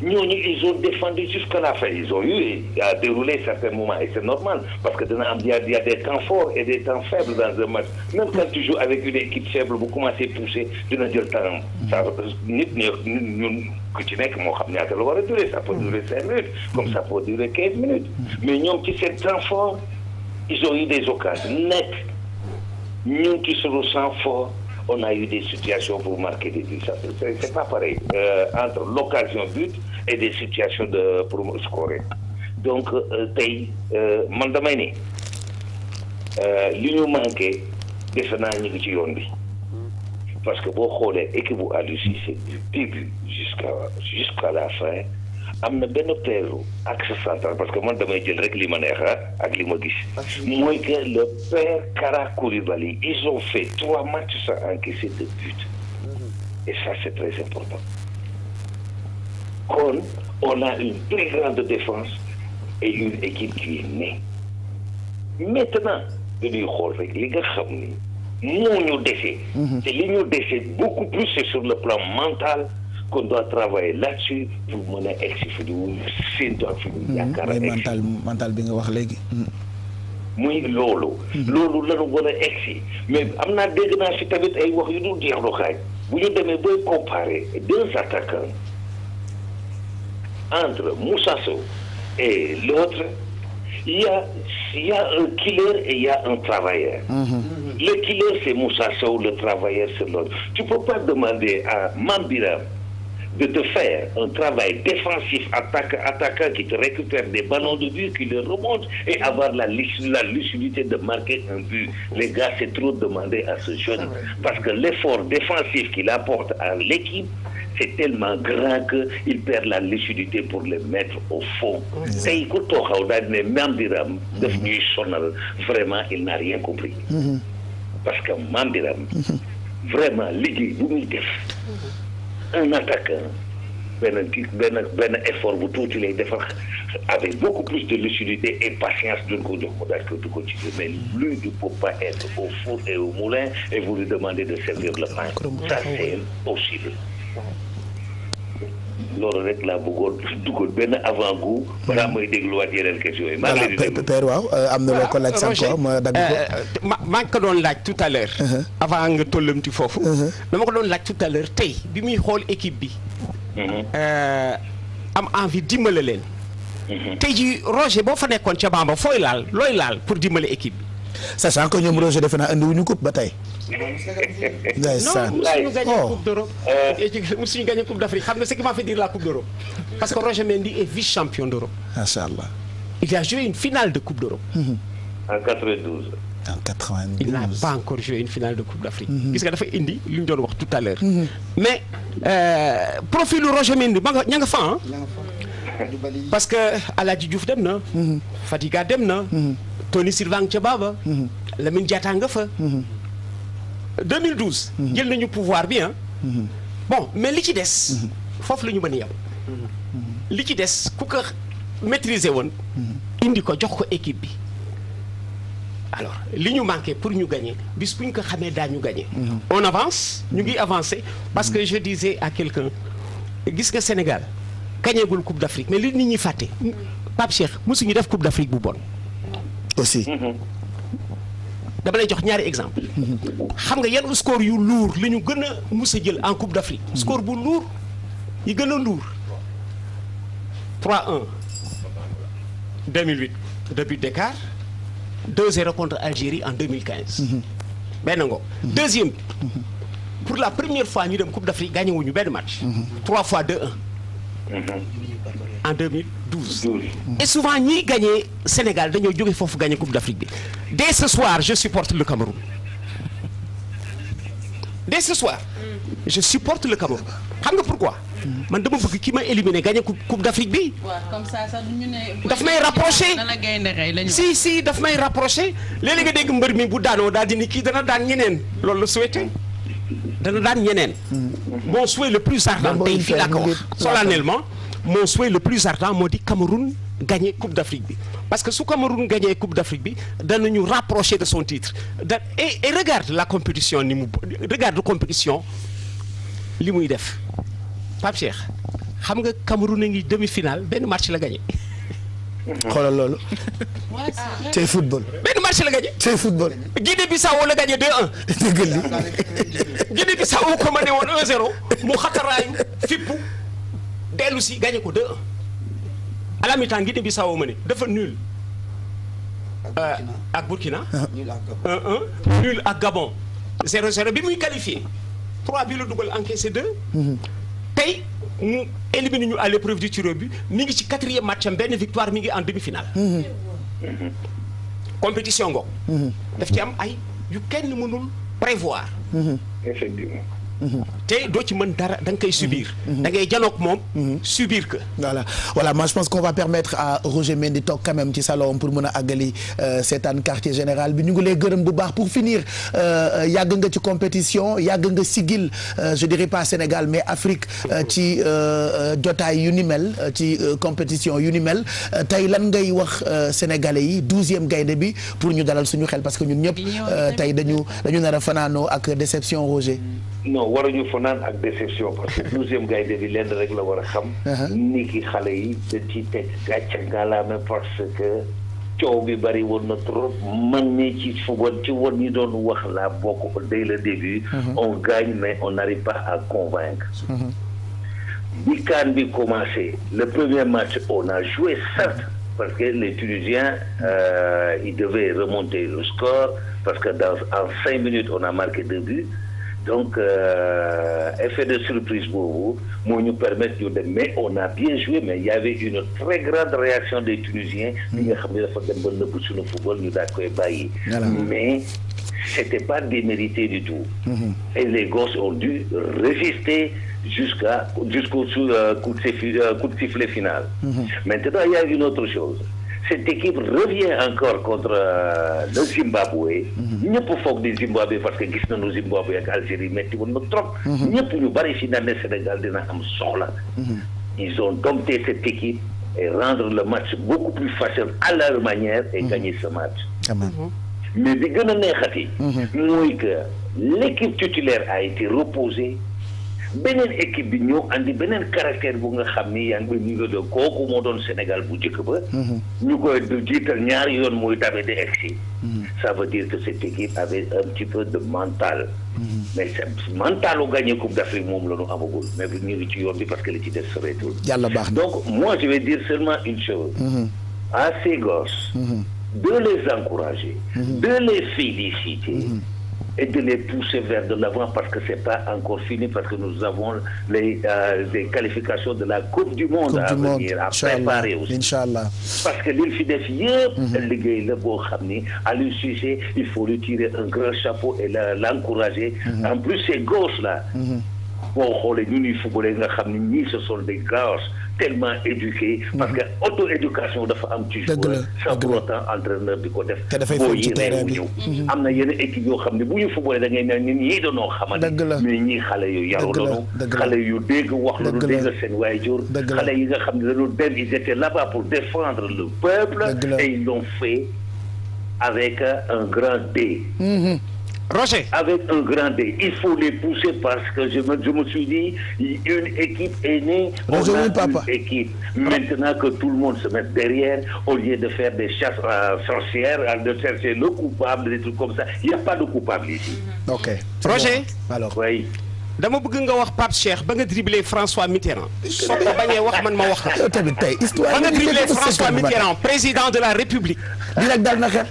ñooñu ils ont défendu jusqu'à la fin ils ont eu à dérouler certains moments et c'est normal parce que dana am y a y a des temps forts e des temps faibles dans un match même quand tu joues avec une équipe faible bu commencé pousser dina jël temps ça nit ñi ñun ku ci nekk moo xam ñaata la war a durer ça peut durer cinq minutes comme ça peut durer quinze minutes mais ñoom ci seen temps fort ils ont eu des occasions nekk ñun ci sunu sang on a eu des situations pour marquer des buts. C'est pas pareil. Euh, entre l'occasion but et des situations de, pour scorer. Donc, euh, tey euh, man damay ne euh, li ñu manqué defe naa ñu ngi ci yoon bi parce que boo xoolee équipe bu Aliou Cissé du début jusqu'à jusqu'à la fin. am na benn peeru axe central parce que man damay jël rek li ma neex ah, ak li ma gis. mooy que le père Kara Koulibaly ils ont fait trois matchs sans encaisser de but. et ça c'est très important. kon on a une très grande défense et une équipe qui née. maintenant dañuy xool rek li nga xam ni moo ñu dese. Mhm. te li beaucoup plus sur le plan mental. qu'on doit travailler là-dessus pour mën a egg si fu ñu séntu ak fu ñu hmm. yaakaar a mental mental bi nga wax léegi hmm. muy loolu hmm. loolu lañu war a egg si mais am naa dégg naa si tamit ay wax yu dul jeex lu xaaj bu ñu demee booy comparer deux attaquants entre Moussa Sow et l'autre il y a il y a un killer et il y a un travailleur. Mmh. Le killer c'est Moussa Sow, le travailleur que de faire un travail défensif attaque, attaquant qui récupère des ballons de but, qui les remonte et avoir la, lucidité de marquer un but. Les gars, c'est trop demandé à ce jeune parce que l'effort défensif qu'il apporte à l'équipe, c'est tellement grand qu'il perd la lucidité pour les mettre au fond. tey ku Mambiram daf ñuy sonal vraiment il n'a rien compris. Mhm. parce que Mambiram mhm. vraiment liggéey bu muy mhm. un attaquant benn gis benn benn effort bu tuuti lay defar avec beaucoup plus de lucidité et patience duñ ko jox mu daal du ko ci mais lui ne peut pas être au four et au moulin et vous lui demander de servir le pain ça c'est aussi loolu rek laa bëggoon duggoon benn avant goût. balaa may dégluwaat yeneen questions yi. maa ngi leen di euh, am na loo ko laaj sànq ma dagg ko. Euh, euh, ma maa ngi ko doon laaj tout à l'heure uh-huh. avant nga tollamti foofu. Uh-huh. dama ko doon laaj tout à l'heure tey bi muy xool équipe bi. Uh-huh. am envie dimbale leen. tey ji Roger boo fa nekkoon ca Bamba fooy laal looy laal pour dimbale équipe bi. sachant que ñoom Roger defe naa andi wuñu coupe ba tey. ndeysaan non musuñu gagné oh. coupe d'Europe euh. musuñu gagné coupe d'Afrique xam nga ce qui m'a fait la coupe d'Europe parce que Roger Mendy est vice champion d'Europe. macha allah. il a joué une finale de coupe d'Europe. Mhm. en 92. en 92 il n'a pas encore joué une finale de coupe d'Afrique. gis mhm. nga dafa indi li ñu doon wax tout à l'heure mhm. mais euh, profilu Roger Mendy ba nga ña parce que Alaaji Diouf dem na Fadiga dem na Tony Sylvain ca baaba Lamine Diatta nga fa 2012 jël nañu pouvoir bi bon mais li ci des foofu la ñu mën a yem li ci des ku ko maîtriser woon indi ko jox ko équipe bi alors li ñu manqué pour ñu gagner bis bu ñu ko xamee daañu gagner mhm. on avance ñu ngi avancer parce que je disais à quelqu'un gis nga Sénégal kañeegul coup d'Afrique mais li nit ñi fàtte Pape Cheikh mosuñu def Coupe d'Afrique bu bon. aussi. dama lay jox ñaari exemple xam nga yan score yu luur la ñu gën a mus a jël en Coupe d'Afrique. score bu luur yi gën a luur. 3-1 2008 deux buts d'écart 2-0 contre Algérie en 2015. benn ngo deuxième pour la première fois ñu dem Coupe d'Afrique gagné wuñu benn match. 3 fois 2-1. Mm-hmm. en 2012. et souvent ñi gagné Sénégal dañoo jóge foofu gagné Coupe d'Afrique bi dès ce soir je supporte le Cameroun dès ce soir. Mm. je supporte le Cameroun xam nga pourquoi. Mm. man dama bëgg ki ma éliminé gagné coupe coupe d'Afrique bi. waaw comme ça sax duñu ne. daf may rapproché si si daf may rapproché léeg-léeg nga dégg mbër mi bu daanoo daal di ni kii dana daan ñeneen loolu la souhaité. dana daan ñeneen. Hmm. mon souhait le plus ardent tey fii laa ko wax solennellement mon souhait le plus ardent moo di Cameroun gagné Coupe d'Afrique bi parce que su Cameroun gagné Coupe d'Afrique bi danañu rapprocher de son titre da et regarde la compétition ni mu regarde compétition li muy def Pape Cheikh xam nga Cameroun a ngi demi final benn match la gagné. xoolal loolu. tey football. match la gagné. c'est football. Guinée-Bissau la gagné 2-1. dëgg bissau ko ma ne woon 1-0 mu xataraayu fippu dellu si gagné ko 2-1 à la mi bissau ma ne dafa nul. Euh, ak Burkina nul ah. ak nul ak Gabon 0-0 bi muy qualifié 3 bi la dugal encaissé 2. Mhm. tey mu éliminé ñu à l'épreuve du tir au but mi ngi ci quatrième match benn victoire mi ngi en demi-finale. Mhm. Mhm. compétition ngo mhm. daf ci am ay yu kenn mënul prévoir mhm. te doo ci mën dara da nga koy subir. Mhm. da ngay janook moom. Mhm. subir que. voilà voilà moi je pense qu'on va permettre à Roger Mendy toog quand ci salon pour mën a àggali euh, seetaan quartier général bi ñu ngi lay gërëm bu baax pour finir euh, euh, yàgg nga ci compétition yàgg nga sigil je dirais pas Sénégal mais Afrique ci jotaay yu ni ci compétition yu ni mel tey lan ngay wax sénégalais yi douzième gaynde bi pour ñu dalal suñu xel parce que ñun ñëpp tey dañu dañu nar a fanaanoo ak déception Roger. Mm. non waruñu fa naan ak déception parce que douzième gaynde bi lenn rek la war a xam. Uh-huh. ni ki xale yi dañ ciy teg gàcce ngalaame parce que coow bi bari woon na trop man ni ci fogoon ci woon ñi doon wax laa bokk dès le début. Uh-huh. on gagne mais on n'arrive pas à convaincre. Uh-huh. bi CAN bi commencé le premier match on a joué certes parce que les Tunisiens euh, ils remonter le score parce que dans en cinq minutes on a marqué deux donc euh, effet de surprise boobu moo ñu permettre ñu dem mais on a bien joué mais il y avait une très grande réaction des Tunisiens. li hmm. nga xam ne dafa dem ba nëbb suñu football ñu daal koy hmm. mais c'était pas démérité du tout. Hmm. et les gosses ont dû résister. jusqu'à jusqu'au euh, coup de euh, Maintenant, il y a une autre chose. cette équipe revient encore contre euh, le Zimbabwe. Mhm. ñëpp foog di Zimbabwe parce que gis nañu Zimbabwe Algérie metti woon na trop. Mhm. ñëpp ñu bari si naan ne Sénégal dina am soxla. Mhm. ils ont dompté cette équipe et rendre le match beaucoup plus facile à leur manière et gagner ce match. mais bi gën a neexati. mooy l'équipe titulaire a été reposée. beneen équipe bi ñoo andi beneen caractère bu nga xam ni yaa ngi koy mu ngi kooku moo doon Sénégal bu njëkk ba. Mhm. ñu koy jiital ñaari yoon muy dabe di egsi. ça veut dire que cette équipe avait un petit peu de mental. Mhm. mais c'est mental u gagné coupe d'Afrique moom la ñu amagul mais bu ñu ngi ci yoon bi parce que li ci des soreetul. yàlla baax donc moi je vais dire seulement une chose. Mhm. à ces de les encourager. de les féliciter. et de les pousser vers de l'avant parce que c'est pas encore fini, parce que nous avons les, euh, qualifications de la Coupe du Monde coupe à du venir, monde. à préparer aussi. Parce que l'île mhm. liggéey la boo xam ni à lui sujet, il faut lui tirer un grand chapeau et l'encourager. Mm En plus, ces gosses-là, mhm. boo xoolee ñu ñuy footballé nga xam ni ñii ce sont des gosses tellement éduqué parce que auto éducation dafa am ci joueur sans pour autant entraîneur bi ko def boo yéenee mu ñëw mhm. am na yenn équipe yoo xam ne bu ñu footballé da ngay ne ñun ñii danoo xamante mais ñii xale yu yaru lanu xale yu dégg wax lanu dégg seen waajur xale yi nga xam ne dañu dem ils étaient là-bas pour défendre le peuple et ils l'ont fait avec un grand D mhm. Roger. Avec un grand D. Il faut les pousser parce que je me, je me suis dit, une équipe est née, Bonjour, on a papa. une équipe. Maintenant que tout le monde se met derrière, au lieu de faire des chasses euh, sorcières, de chercher le coupable, des trucs comme ça, il n'y a pas de coupable ici. Ok. Roger. Bon. Alors. Oui. dama bëgg nga wax Pape Cheikh ba nga dribblé François Mitterrand. soo ko wax man ma wax la. yow euh, tamit tey histoire ba François Mitterrand président de la République. di rek dal na xel.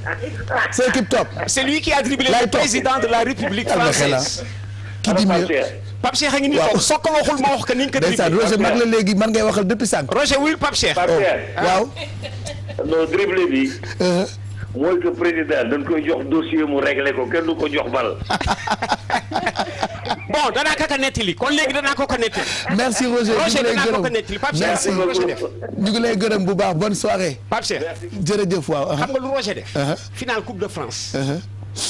c'est qui top. c'est lui qui a dribblé le président de la République française. ki ah. di Pape Cheikh a ngi nii toog soo ko waxul ma wax que niñ ko. dribblé Roger mag la léegi man ngay waxal depuis sànq. Roger wuyul Pape Cheikh. Pape Cheikh oh. waaw. non dribblé bi. Euh. mooy que président dañ koy jox dossier mu réglé ko kenn du ko jox bal. bon danaa ko ko nettali kon léegi danaa ko ko nettali. merci Roger Roger danaa ko ko nettali Pape Cheikh merci ñu ngi lay gërëm bu baax bonne soirée. Pape Cheikh jërëjëf waaw. Uh-huh. xam nga lu Roger def. Uh-huh. finale Coupe de France. Uh-huh.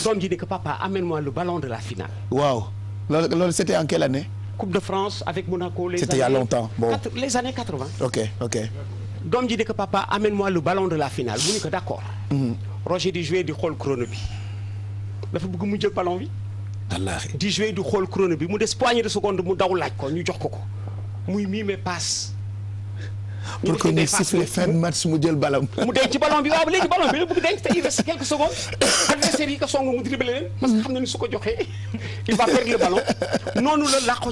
doom ji ne que papa amène-moi le ballon de la finale. waaw loolu loolu c'était en quelle année. Coupe de France avec Monaco les. c'était il y a longtemps bon les années 80. ok ok. doom ji di ko papa amène moi le ballon de la finale mu ni ko d' accord. Mm-hmm. Roger di jouer di xool crone bi dafa bugg mu jël ballon bi. wallaahi di jouer di xool chrono bi mu des poignée de seconde mu daw laaj ko ñu jox ko ko muy miime passe. pour ko ñu siffle fin de match mu jël ballon. mu denc ci ballon bi waaw léegi ballon bi la bëgg denc te il reste ko song mu dribble leen na ni su ko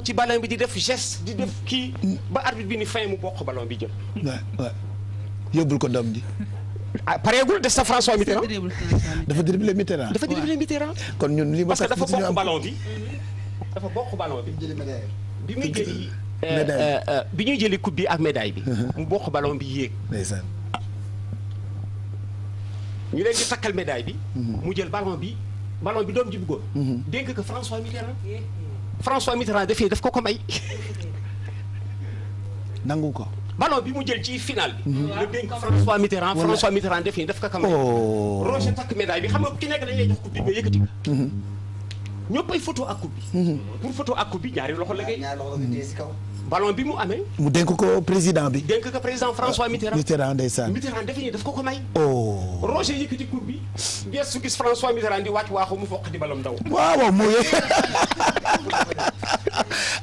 ci ballon bi di def geste di def kii ba arbitre bi ni fin mu bokk ballon bi jël. waaw waaw yóbbul ko doom ji. ah pareegul des na François Mitterrand. dafa dribblé Mitterrand. dafa dribblé Mitterrand. kon ñun li ma. parce que dafa bokk ballon bi. dafa bokk ballon bi. bi muy jëli Euh, euh, euh, bi ñuy jëli coupe ak médaille bi. mu bokk ballon bi yéeg. ndeysaan. ñu leen di takkal médaille bi. Mhm. mu jël ballon bi ballon bi doom ji bëggoon. Mhm. dénk ko François Mitterrand. François Mitterrand dafee daf ko ko may. nangu bi mu jël ci final bi. la mhm. dénk François Mitterrand François Mitterrand ko ko may. Oh. Roger takk médaille bi xam nga ki nekk dañ lay jox coupe bi nga yëkkati ko. loxo la ngay. ñaari si kaw. ballon bi mu amee. mu denk ko président bi. dénk ko président François Mitterrand. Mitterrand ndeysaan Mitterrand defe nii daf ko ko may. oh. Roger yëkkati coupe bi. François Mitterrand di wàcc waaxu mu foq di balam daw. waaw waaw mooy.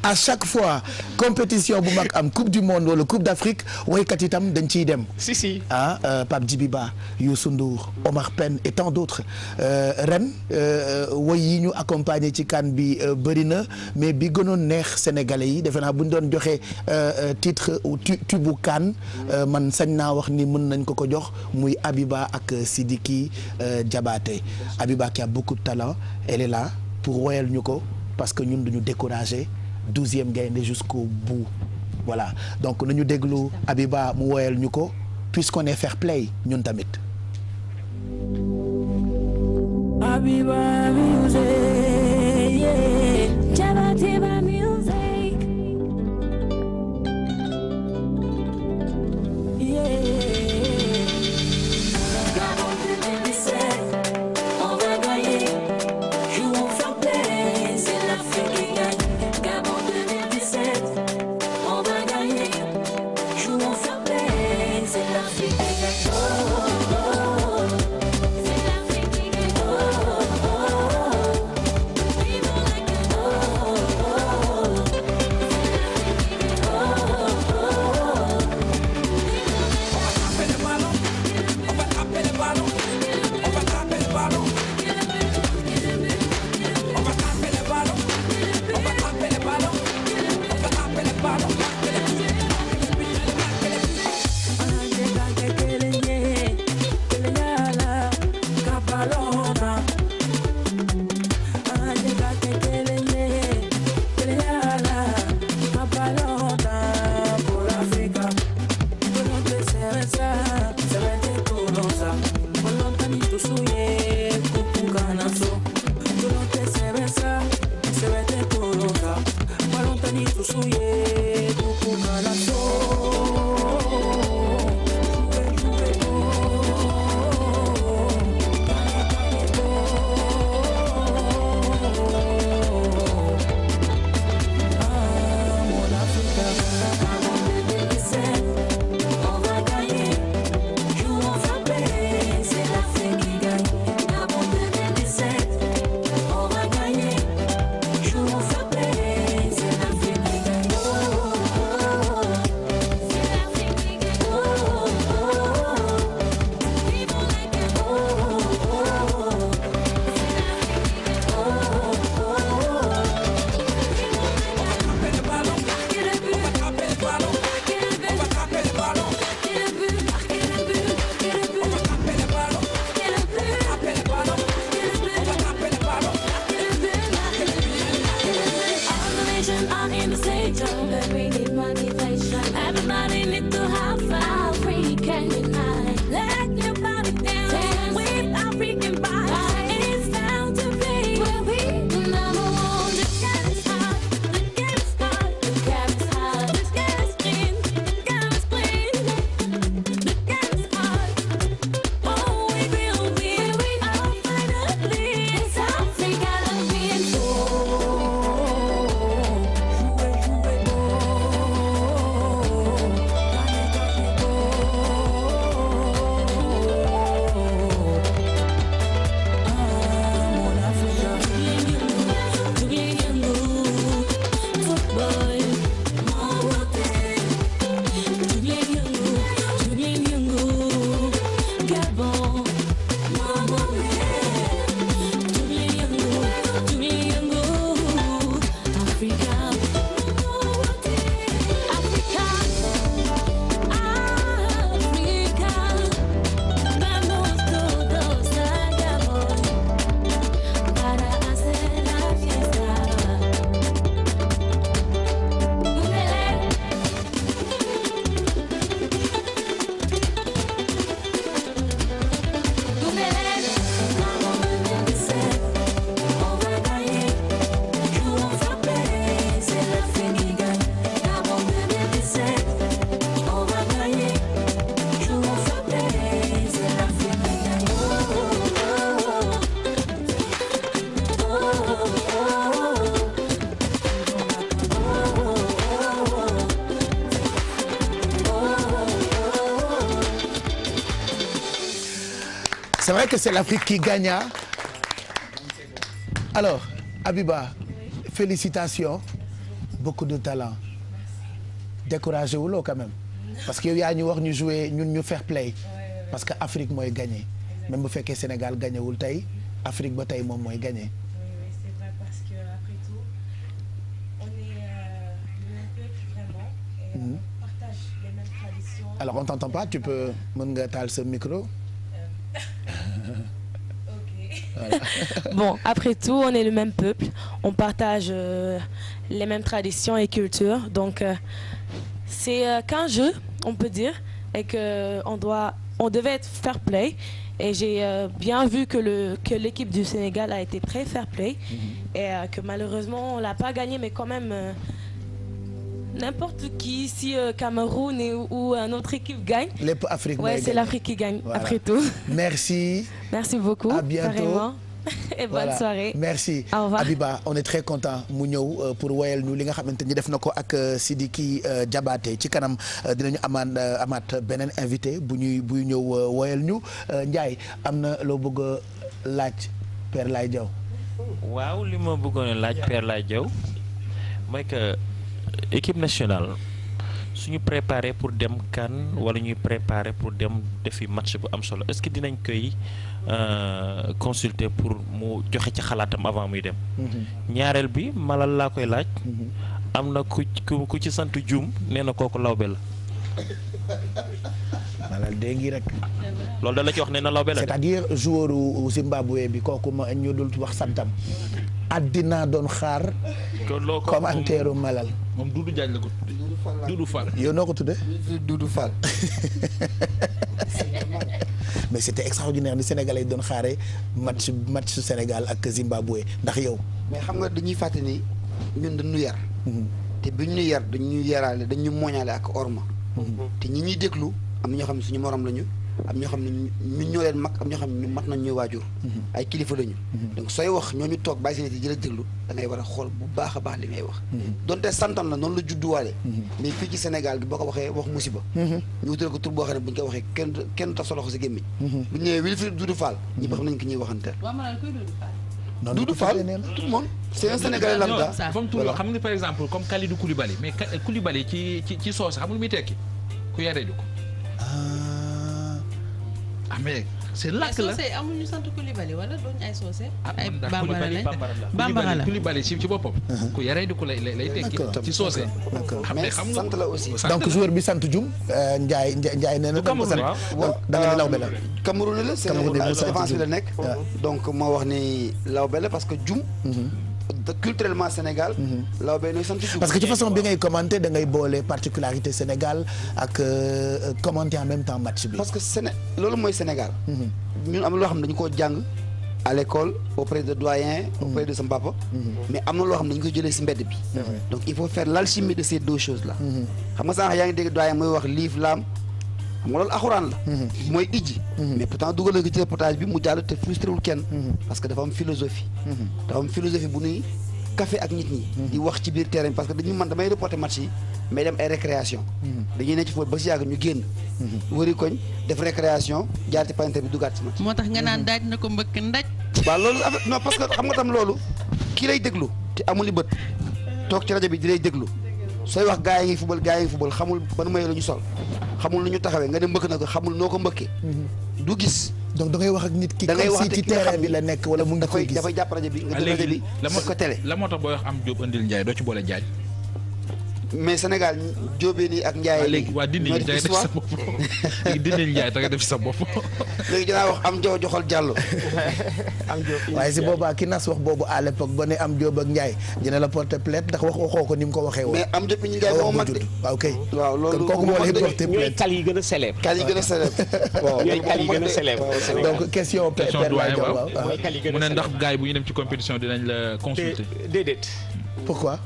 à chaque fois compétition bu mag am coupe du monde wala coupe d'Afrique waykat itam dañ ciy dem. si si ah euh, Pape Djiby Ba Youssou Ndour Omar Pène et tant d'autres euh, ren euh, woy yi ñu accompagner ci kan bi bëri na mais bi gënoon neex sénégalais yi defe naa bu ñu doon joxe titre tubu kan man sañ naa wax ni mën nañ ko ko jox muy Abiba ak Sidiki Diabaté Abiba qui a beaucoup de talent elle pour woyal ñu ko parce que ñun duñu décourager douzième gaynde jusqu'au bout voilà donc nañu déglu Abiba mu woyal ñu ko puisqu'on est fair play ñun tamit Abiba tu corazón. c'est vrai que c'est l'Afrique qui gagna alors Abiba félicitations beaucoup de talent découragé wuloo quand même parce que yow yaa ñu wax ñu jouer ñun ñu fair play parce que Afrique mooy gagné même bu fekkee Sénégal gagnewul tey Afrique ba tey moom mooy gagné. Euh, euh, hmm. alors on t'entend pas tu peux mën nga taal sa micro. Voilà. bon, après tout, on est le même peuple, on partage euh, les mêmes traditions et cultures, donc euh, c'est euh, qu'un jeu, on peut dire, et que euh, on doit, on devait être fair play. Et j'ai euh, bien vu que le que l'équipe du Sénégal a été très fair play mm -hmm. et euh, que malheureusement on l'a pas gagné, mais quand même. n'importe qui ici euh, Cameroun et, ou euh, notre équipe gagne. lépp Afrique mooy gagne ouais c'est l'Afrique mu ñëw euh, pour woyal ñu li nga ni def na ko ak euh, Sidiki euh, Diabaté ci kanam dinañu amaat amaat beneen invité bu ñuy buy ñëw woyal ñu Ndiaye am na loo bëgg laaj Père Laye Diaw waaw li ma bëggoon laaj Père Laye Diaw mooy que équipe nationale suñu préparer pour dem kan wala ñuy préparer pour dem defi match bu am solo est-ce que dinañ koy euh, consulter pour mu joxe ci xalaatam avant muy dem. Mm-hmm. ñaareel bi malal laa koy laaj. Mm-hmm. am na ku ku ci sant Dioum nee na kooku lawbe la. malal dee ngi rek. loolu da jox ci wax nee na lawbe la. c'est-à-dire joueur Zimbabwe bi kooku ma ñu dul wax santam. àddinaa doon xaar. commentaire u malal. moom Doudou Diagne ko tuddee. Doudou Fall noo ko tuddee. Doudou Fall. mais c'était extraordinaire ni Sénégalais doon xaare match match Sénégal ak Zimbabwe ndax yow. mais xam nga dañuy fàtte ni ñun dañu yar. Mm-hmm. te bi ñu yar dañu yaraale dañu moñaale ak orma. Mm-hmm. te ñi ñuy déglu am na ñoo xam ne suñu morom lañu. am ñoo xam ne ñun ñoo leen mag am ñoo xam ne mat nañ ñuy waajur mm-hmm. ay kilifa lañu mm-hmm. donc sooy wax ñooñu toog bàyyi seen ci jëla jëglu da ngay a bu a baax li ngay wax mm-hmm. donte santam la noonu la judduwaale mais fii xam ne sa loxo si gémmiñ bu ñu par exemple comme Kalidou Koulibaly mais Koulibaly ci ci ci xam nga muy tekki ah mais seen làkk la mais amuñu sant Coulibaly wala duñ ah, ay soose. ay bambara lañ bambara la Coulibaly ci boppam. la aussi. donc joueur bi sant Dioum. Euh, Ndiaye Ndiaye nee na da nga ne lawbe la. Cameroun la Cameroun la défense bi la nekk. donc moo wax ni lawbe la parce que Dioum. Mhm. culturellement Sénégal. lawbe yi ñooy sant parce que ci façon bi ngay commenter da ngay boole particularité Sénégal ak euh, euh, commenter en même temps match bi. parce que Séné loolu mooy Sénégal. Mhm. ñun am loo xam ne dañu koo jàng à l'école auprès de doyen. Mhm. auprès de sa papa. Mhm. mais am na loo xam ne dañu koy jëlee si mbedd bi. donc il faut faire l'alchimie de ces deux choses là. xam nga sànq yaa ngi dégg doyen mooy wax liif laam. xam nga loolu axuraan la. Mhm. mooy ijji. Mhm. mais pourtant dugal ko ci reportage bi mu jàll te frustré wul kenn. Mhm. parce que dafa am philosophie. dafa am philosophie bu nuy café ak nit ñi. di wax ci biir terrain parce que dañu man damay reporté match yi mais dem ay récréation. dañuy ne ci foofu ba si yàgg ñu génn. wëri koñ def récréation jaar ci parenté bi dugaat ci match. moo tax nga naan daaj na ko mbëkk ndaj. waaw loolu non parce que xam nga tam loolu kii lay déglu te amul i toog ci rajo bi di lay déglu. sooy wax gaa yi ngi fubal gaa yi ngi fubal xamul ban may la ñu sol xamul lu ñu taxawee nga ne mbëkk nag ko xamul noo ko mbëkkee mhm. du gis donc da ngay wax nit ki da ngay wax ci terrain bi la nekk wala mun ngi koy gis dafay jàpp rajo bi nga jël rajo bi la ko télé la moo tax booy wax am jóob andil njaay doo ci boole jaaj mais Sénégal jóobeen yi ak njaay ah, léegi waa dindi ñu def sa bopp njaay nga def sa bopp léegi dinaa wax am jox joxal jàllo am jox waaye si boobaa ki nas wax boobu à l'époque ba ne am jóob ak njaay dina la porter plainte ndax wax waxoo ko ni mu ko waxee woon mais am jóob ñu njaay moo ah, mag de waaw kay kooku moo lay porter plainte ñooy kal yi a yi gën a célèbre waaw ñooy kal yi gën a célèbre donc question perpétuelle waaw mu ne ndax gaay bu ñu dem ci compétition dinañ la consulter déedéet pourquoi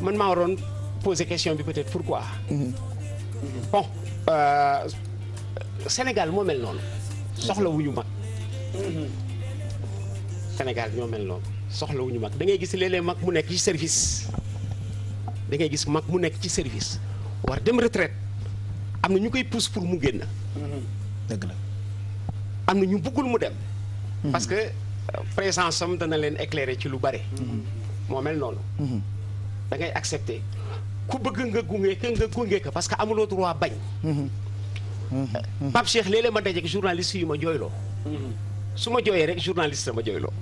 man maa waroon poser question bi peut pour pourquoi. Mhm. bon euh, Sénégal moo mel noonu. soxla wu ñu mag. Sénégal ñoo mel noonu soxla wu ñu mag da ngay gis léeg-léeg mag mu nekk ci service da ngay gis mag mu nekk ci service war dem retraite am na ñu koy pousse pour mu génn. dëgg la am na ñu bëggul mu dem. Mhm. parce que euh, présence am dana leen éclairer ci lu bare. Mhm. moo mel noonu. da ngay accepter ku bëgg nga gunge ka nga gunge parce que amuloo droit bañ. Pape Cheikh léeg ma dajeeg journaliste yu ma jooyloo. su ma jooyee rek journaliste la ma jooyloo.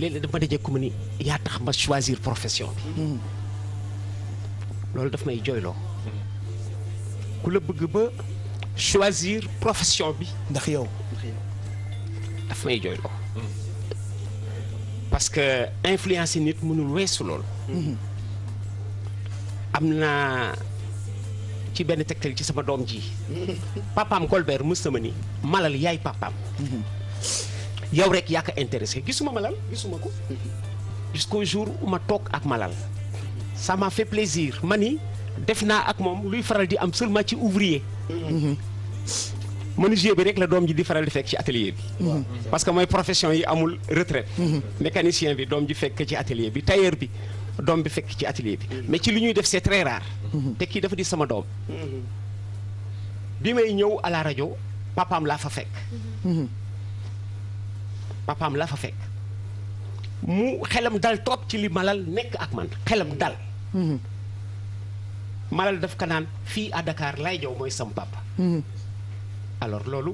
léeg-léeg dafa dajeeg ku ma ni yaa tax ma choisir profession bi. loolu daf may jooyloo. ku la bëgg ba choisir profession bi. ndax yow. daf may jooyloo. parce que influencer nit mënul weesu lool. am naa ci benn tegtal ci sama doom ji papam Golbert mës sama ni malal yaay papaam yow rek yaa ko intéressé gisuma malal gisuma ko jusqu'au jour où ma toog ak malal ça m'a fait plaisir ma ni def naa ak moom luy faral di am seulement ci ouvrier menuisier bi rek la doom ji di faral di fekk ci atelier bi parce que mooy profession yi amul retraite mhm. mécanicien bi doom ji fekk ci atelier bi tailleur bi doom bi fekk ci atelier bi mais ci li ñuy def c'est très rare mm-hmm. te kii dafa di sama doom bi may ñëw à la rajo papaam laa fa fekk mm-hmm. papaam laa fa mu xelam dal toog ci li malal nekk ak man xelam dal mm-hmm. malal daf ka naan fii à Dakar lay jow mooy sama papa alors loolu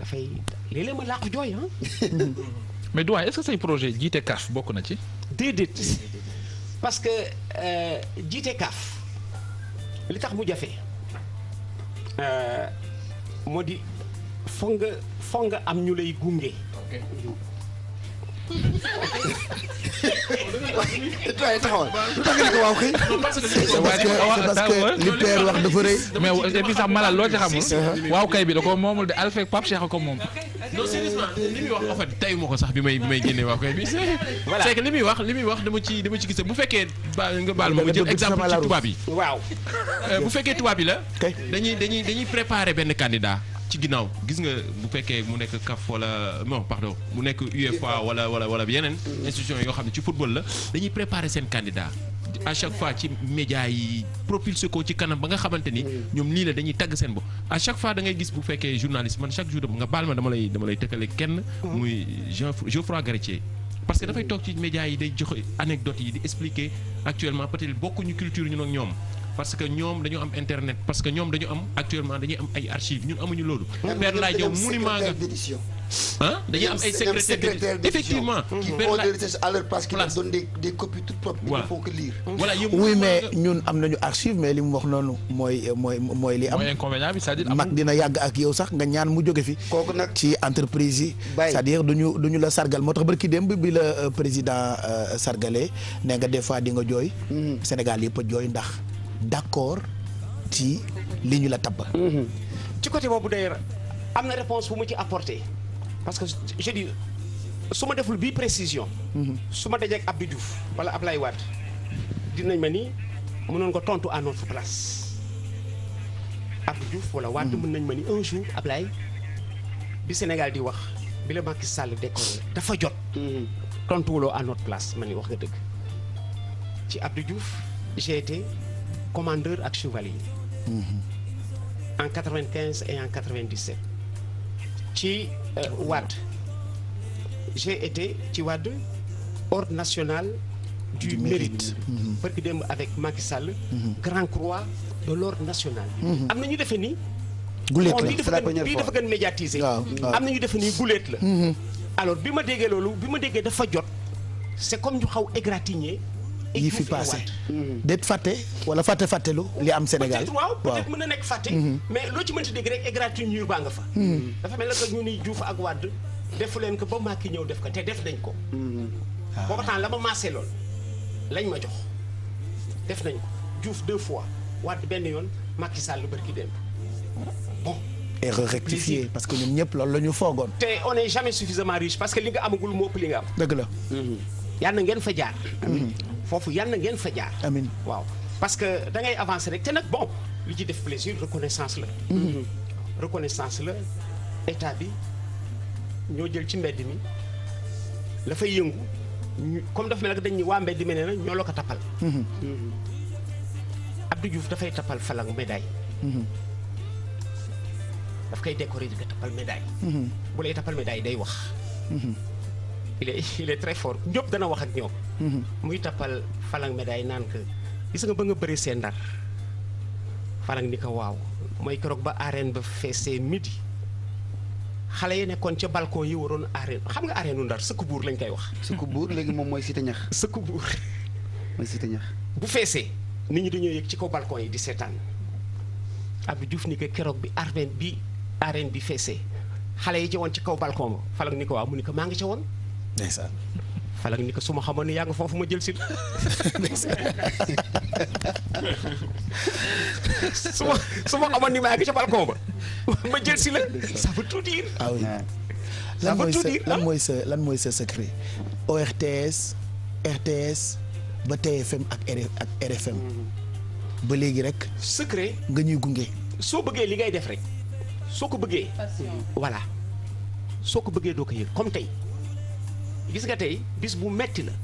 dafay léeg-léeg ma laa jooy ah mais doyen est-ce que say projet jiite CAF bokk na ci déedéet parce que euh, jiite kaaf li tax mu jafe euh, moo di foo nga foog nga am ñu lay gunge. waaye taxawal tax nga ne ko waaw xëy. ma sax malal loo ci xamul. waaw kay bi da ko moomul de Alfayda Pape Cheikh ko moom. non sérieusement li muy wax en fait tey ma ko sax bi may bi may génnee waaw kay bi. voilà c'est li muy wax li muy wax dama ci dama ci gis bu fekkee ba nga baal ma ma jël exemple ci tubaab yi. waaw euh, bu fekkee tubaab yi la. dañuy dañuy dañuy préparer benn candidat. ci ginnaaw gis nga bu fekkee mu nekk CAF wala non pardon mu nekk UEFA wala wala wala yeneen institution yoo xam ne ci football la dañuy préparer seen candidat à chaque fois ci média yi propulsé ko ci kanam ba nga xamante ni ñoom lii la dañuy tagg seen bopp à chaque fois da ngay gis bu fekkee journaliste man chaque jour nga baal ma dama lay dama lay tëkkale kenn muy Jean Geoffroy Garatier parce que dafay toog ci média yi day joxe anecdote yi di expliquer actuellement peut-être bokkuñu culture ñun ñoom parce que ñoom dañu am internet parce que ñoom dañu am actuellement dañuy am ay archives ñun amuñu loolu. Père Laye Diaw monument dañuy am ay secrétaire d'édition effectivement. qui font des recherches à leur place qui leur donne des des copies que lire. voilà yëpp oui mais ñun am nañu archive mais li mu wax noonu mooy mooy mooy li am. mooy bi cest à dina yàgg ak yow sax nga ñaan mu jóge fi. kooku nag ci entreprise yi. c'est-à-dire duñu duñu la sargal moo tax barki démb bi la euh, président euh, sargalé nee nga des fois di nga jooy. Mm-hmm. Sénégal yëpp a jooy ndax. d'accord ci li ñu la tabb. Mhm. ci côté boobu d'ailleurs am na réponse bu mu ci apporté parce que je su ma deful bii précision. Mhm. su ma dajee ak Abdou Diouf wala Ablaye dinañ ma ni mënoon ko tontu à notre place Abdou Diouf wala Wade mhm. mën nañ ma ni un jour Ablaye bi Sénégal di wax bi la Macky Sall décoré dafa jot. tontuwuloo à notre place ma ni wax nga dëgg ci Abdou Diouf j'ai commandeur ak chevalier. Mhm. en 95 et en ci euh, Wade j'ai été ci Wade ordre national du, du mérite. Mhm. barki démb avec Macky mhm. grand croix de l'ordre national. am na ñu defee ni. guleet la c'est la première fois bii dafa gën médiatisé. am na ñu defee ni guleet la. alors bi ma déggee loolu bi ma déggee dafa jot. c'est comme ñu xaw égratigné. yi fi passé mm-hmm. déet fàtte wala fàtte fàttelu li am Sénégal waaw peut na nekk fàtte mm-hmm. mais loo ci mënti dégg rek égratignure ñuy baa nga fa mm-hmm. mel ne que ñu ak Wade defu leen ko ba Macky ñëw def ko te def nañ ko booba ah. temps la ma maasee lañ ma jox def nañ ko Diouf fois Wade benn yoon Macky Sall bërki démb bon erreur rectifiée parce que ñun ñëpp loolu la ñu foogoon te on est jamais suffisamment parce que li nga amagul moo ëpp li nga am dëgg la yàlla ngeen fa jaar foofu yal na ngeen fa jaar. amiin waaw parce que da ngay avancer rek te nag bon li ci def plaisir reconnaissance la. Mm-hmm. reconnaissance la état bi ñoo jël ci mbedd mi la fay yëngu ñu comme daf mel ne dañ ñu waa mbedd mi ne na ñoo la ko tappal. Mm-hmm. Mm-hmm. Abdou Diouf dafay tappal falang médaille. daf koy décorer di ko tappal médaille. bu lay tappal médaille day wax. il est il est ñëpp dana wax ak ñoom. Mhm. muy tappal falang médaille naan que gis nga ba nga bëri see ndar falang ni ko waaw mooy keroog ba arène ba feesee midi xale yi nekkoon ca balcon yi waroon arène xam nga arène ndar sëkk buur lañ koy wax. sëkk buur léegi moom mooy cité ñax. sëkk buur. bu feesee nit ñi dañoo yëg ci kaw balcon yi di seetaan Abdou Diouf ni ko keroog bi arène bi arène bi feesee xale yi ci woon ci kaw balcon falan ni ko waaw mu ni ko maa ngi ca woon. ndeysaan xalak su ma xamoon ni yaa nga foofu ma jël si su ma su ma jël si la ça veut tout lan mooy sa lan mooy sa lan mooy secret ORTS RTS ba TFM ak RFM mm-hmm. ba léegi rek secret nga ñuy gunge soo bëggee li ngay def rek soo ko bëggee voilà soo ko bëggee doo ko yëg comme tey gis nga tey bis bu metti la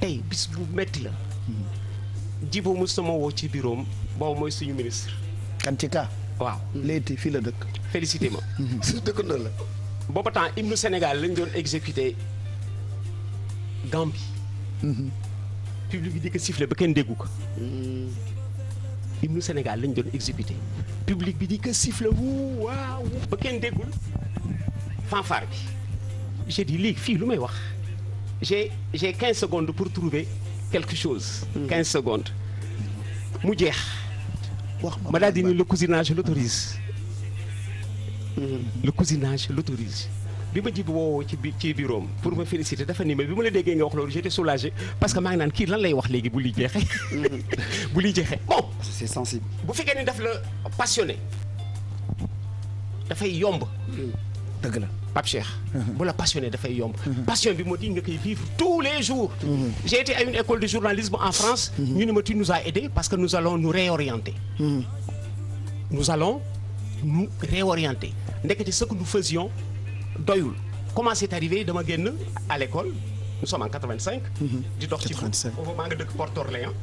tey bis bu metti la jibo mu sama woo ci biroom boobu mooy suñu ministre kan ci waaw léegi fii la dëkk félicité ma su dëkkandoo la booba temps hymne Sénégal lañ doon exécuté Gambie mhm. mhm. public bi di ko sifflé ba kenn déggu ko hymne Sénégal lañ doon exécuté publique bi di ko sifflé wu waaw ba kenn déggul fanfare bi j'ai dit léegi fii lu may wax j'ai j'ai quinze secondes pour trouver quelque chose hmm. quinze secondes mu jeex ma daal di le cousinage l'autorise hmm. le cousinage l'autorise bi ma jib woowoo ci bi ci bureau pour ma féliciter dafa ni ma bi ma la déggee nga wax loolu j'étais soulagé parce que maa ngi naan kii lan lay wax léegi bu li jeexee hmm. bu lii jeexee bon c'est sensible bu fekkee ni daf la passionné dafay yomb dëgg la Pape Cheikh. Mhm. bu la passionné dafay yomb. Mhm. passion bi moo di nga koy vivre tous les jours. Mhm. j'ai été une école de journalisme en France. ñu ne ma tu nous as aidé parce que nous allons nous réorienter. nous allons nous réorienter ndekete ce que nous faisions doyul comment c'est dama génn à l'école nous sommes en 85. di dox ci boobu maa nga dëkk Porte Orléans.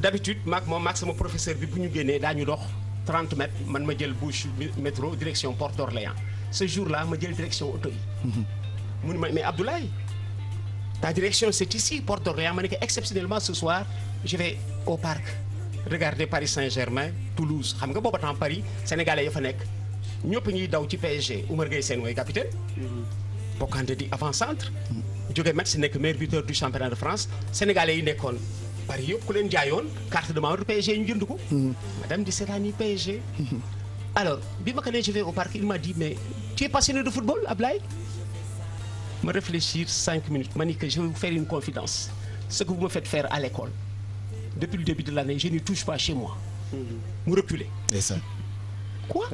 d'habitude maag moom maag sama professeur bi bu ñu génnee ñu dox 30 man ma jël bouche métro direction Porte Orléans. ce jour-là ma jël direction oto yi. mu ne ma mais Abdoulaye ta direction c'est ici Porte d'Orléans ma ne ko exceptionnellement ce soir je vais au parc regarder Paris Saint-Germain Toulouse xam nga booba temps Paris sénégalais ya fa nekk ñëpp ñuy daw ci PSG Oumar Gueye Sène mooy capitaine. Bocandé di avant-centre. jóge Metz nekk meilleur buteur du championnat de France sénégalais yi nekkoon. Paris yokk leen jaayoon carte de membre PSG ñu jënd ko. Hmm. alors bi ma ko nee je vais au parc il m'a dit mais tu es passionné de football Ablaye ma réfléchir cinq minutes ma ni que je vais vous faire une confidence ce que vous me faites faire à l'école depuis le début de l'année je n'y touche pas chez moi mu reculer c'est quoi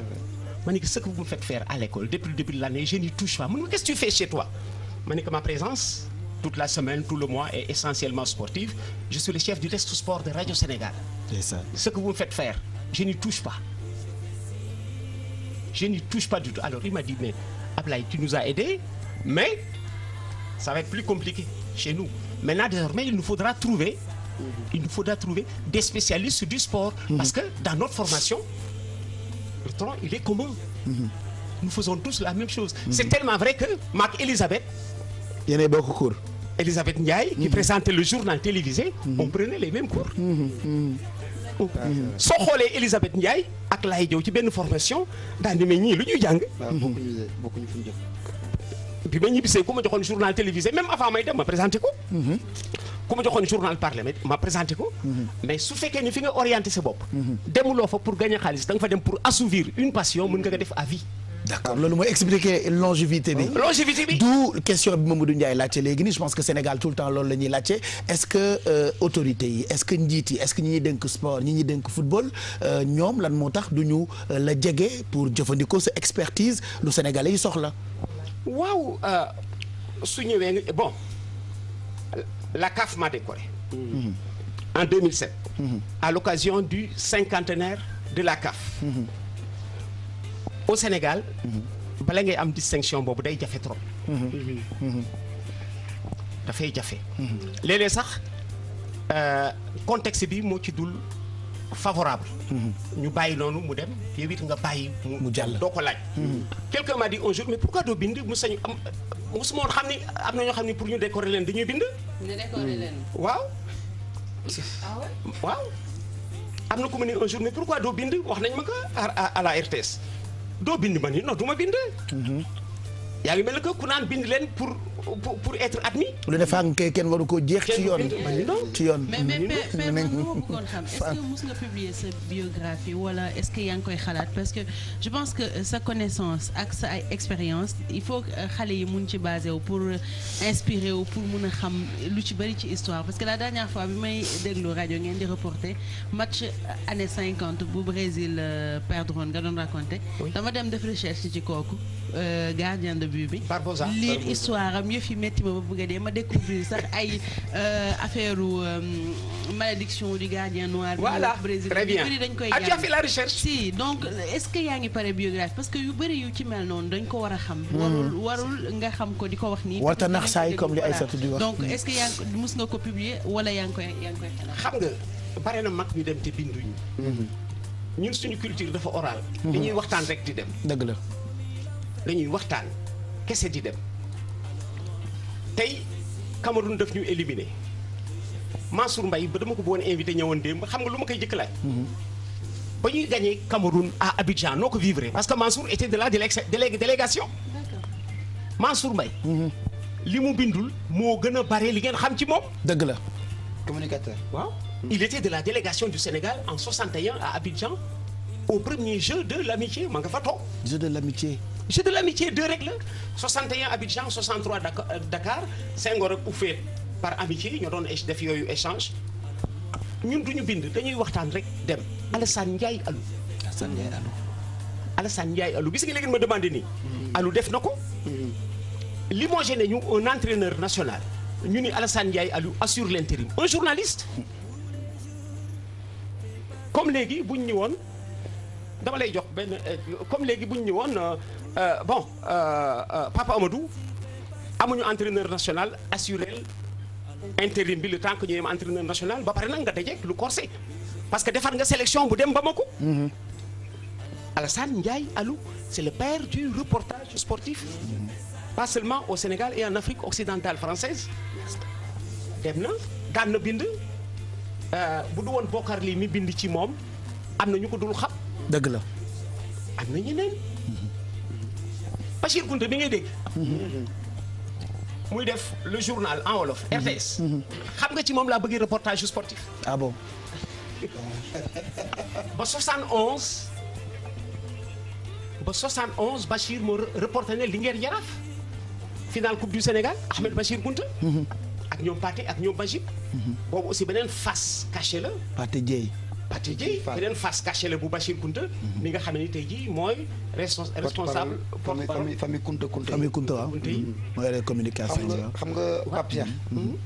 ma ni que ce que vous me faites faire à l'école depuis le début de l'année je n'y touche pas ma présence toute la semaine tout le mois est essentiellement sportive je suis le chef du Resto Sport de Radio Sénégal c'est ça ce que je n'y touche pas du tout. Alors il m'a dit, mais Ablaï, tu nous as aidés, mais ça va être plus compliqué chez nous. Maintenant, désormais, il nous faudra trouver, il nous faudra trouver des spécialistes du sport. Mm -hmm. Parce que dans notre formation, le tronc, il est commun. Mm -hmm. Nous faisons tous la même chose. Mm -hmm. C'est tellement vrai que Marc Elisabeth. Il y en a beaucoup cours. Elisabeth Ndiaye, qui mhm. présentait le journal télévisé, mhm. on prenait les mêmes cours. Mhm. Mmh. soo xoolee Elisabeth Ndiaye ak Laye Diaw ci benn formation daan di ne ñii lu ñuy jàng. bokkuñu fu ñu jëm. bi ma ñibbisee ku ma joxoon journal télévisé même avant may dem ma présenté ko. Mmh. ku ma joxoon journal parlement ma présenté ko. Mmh. mais su fekkee ni fi nga orienté sa bopp. demuloo fa pour gagner xaalis da nga fa dem pour assouvir une passion mën nga ko def à vie. d'accord loolu mooy expliquer longévité bi. Oh. longévité bi d'où question bi Mamadou Ndiaye laajte léegi nii je pense que Sénégal tout le temps loolu laajte est-ce que euh, autorité yi est-ce que njiit yi est-ce que ñi ñuy dénk sport ñi ñuy dénk football euh, ñoom lan moo tax du ñu euh, la jege pour jëfandikoo sa expertise lu sénégalais yi soxla. waaw su ñëwee bon la CAF m'a décoré. Mm-hmm. en mm-hmm. à l'occasion du cinquantenaire de la CAF. Mm-hmm. au Sénégal. bala ngay am distinction boobu day jafe trop. dafay jafe. léeg-léeg sax euh, contexte bi moo ci dul favorable. ñu bàyyi noonu mu dem yow it nga bàyyi. mu jàll doo ko laaj. quelqu'un m'a dit un jour mais pourquoi doo bind mu sañu am mosuma woon xam ni am na ñoo xam ne pour ñu décorer leen dañuy bind. ñu décorer leen. waaw. Ah am na ku mu ne un jour mais pourquoi doo bind wax nañ ma ko à à la RTS. doo bind ma ni non du ma bind. Mhm. yaa ngi mel ne que ku naan bind leen pour. pour pour être admis. lu ne fànn kenn waru ko jeex. ci yoon ci yoon. mais mais mais man lu ma bëggoon xam est-ce que mos nga publier sa biographie wala est-ce que yaa ngi koy xalaat parce que je pense que sa connaissance ak sa ay expérience il faut que xale yi mun ci basé wu pour inspiré wu pour mun a xam lu ci bari ci histoire parce que la dernière fois bi may déglu rajo ngeen di reporter match année cinquante bu Brésil euh, perdron nga doon raconter. dama dem def recherche ci kooku euh, gardien de but bi. Barbosa lire histoire am yëf yi métti ma ba bëgg dee ma découvrir sax ay euh, affaire euh, malédiction du gardien noir. voilà très bien bi dañ koy jàng. ah tu si donc est ce que yaa ngi pare biographie parce que yu bëri yu ci mel noonu dañ ko war a xam. Hmm. warul warul nga xam ko di ko wax nii. warta nax saay comme li Aïssatou di wax. donc est ce mus nga ko publier wala yaa ngi koy yaa ngi xam nga bare na mag ñu dem te binduñu. Hmm. ñun suñu culture dafa oral. dañuy hmm. waxtaan rek di dem. dëgg la dañuy waxtaan kese di dem. tey Cameroun daf ñu éliminé Mansour Mbaye ba dama ko bëggoon invité ñëwoon démb xam nga lu ma koy jëkk laaj. Mhm. ba ñuy gagné Cameroun à Abidjan noo ko vivre parce que Mansour était de la délé délégation. Mansour Mbaye. Mhm. li mu bindul moo gën a bare li ngeen xam ci moom. dëgg la communicateur. waaw il était de la délégation du Sénégal en 61 à Abidjan au premier jeu de l'amitié ma nga fa toog. jeu jeu de l'amitié deux rek la 61 Abidjan 63 euh, Dakar Senghor ak Houphouët par amitié ñoo doon def yooyu échange ñun du ñu bind dañuy waxtaan rek dem Alassane Ndiaye Alou. Alassane Ndiaye Alou. Alassane Ndiaye Alou gis nga léegi ma demandé nii. Mm. Alou def na ko. Mm. limogé nañu un entraîneur national ñu ni Alassane Ndiaye alo assure l'intérim un journaliste. comme léegi bu ñu woon dama lay jox benn euh, comme léegi buñ ñu woon. Euh, Euh, bon euh, euh, Papa amadu amuñu entraîneur national assuré intérim bi le temps que ñu yem entraîneur national ba pare nag nga dajeeg lu corsé parce que defar nga sélection bu dem ba ma ko. Mhm. Alassane Ndiaye Alou c'est le père du reportage sportif mhm. par seulement au Sénégal et en Afrique occidentale française dem na daan na bind bu du woon Bokar lii mi bind ci moom am na ñu ko dul xam. dëgg la am na ñeneen. Bachir Kounta bi ngay dégg. muy def le journal en wolof RTS. xam nga ci moom laa bëggee reportage sportif. ah bon. ba 71. Bachir moo reporté ne ngeen Jaraaf. finale coupe du Sénégal Ahmed Bachir Kounta. Mhm. ak ñoom Pathé ak ñoom Bachir. Mhm. boobu aussi beneen face caché la. Pathé Dieye. Pathé Dièye beneen face cachée la bu Bachir Kounta mhm. mi nga xam ni tey jii mooy responsable porte parole famille Kounta Kounta famille Kounta waaw mhm. Mhm. mooy yore communication xam nga Pape Cheikh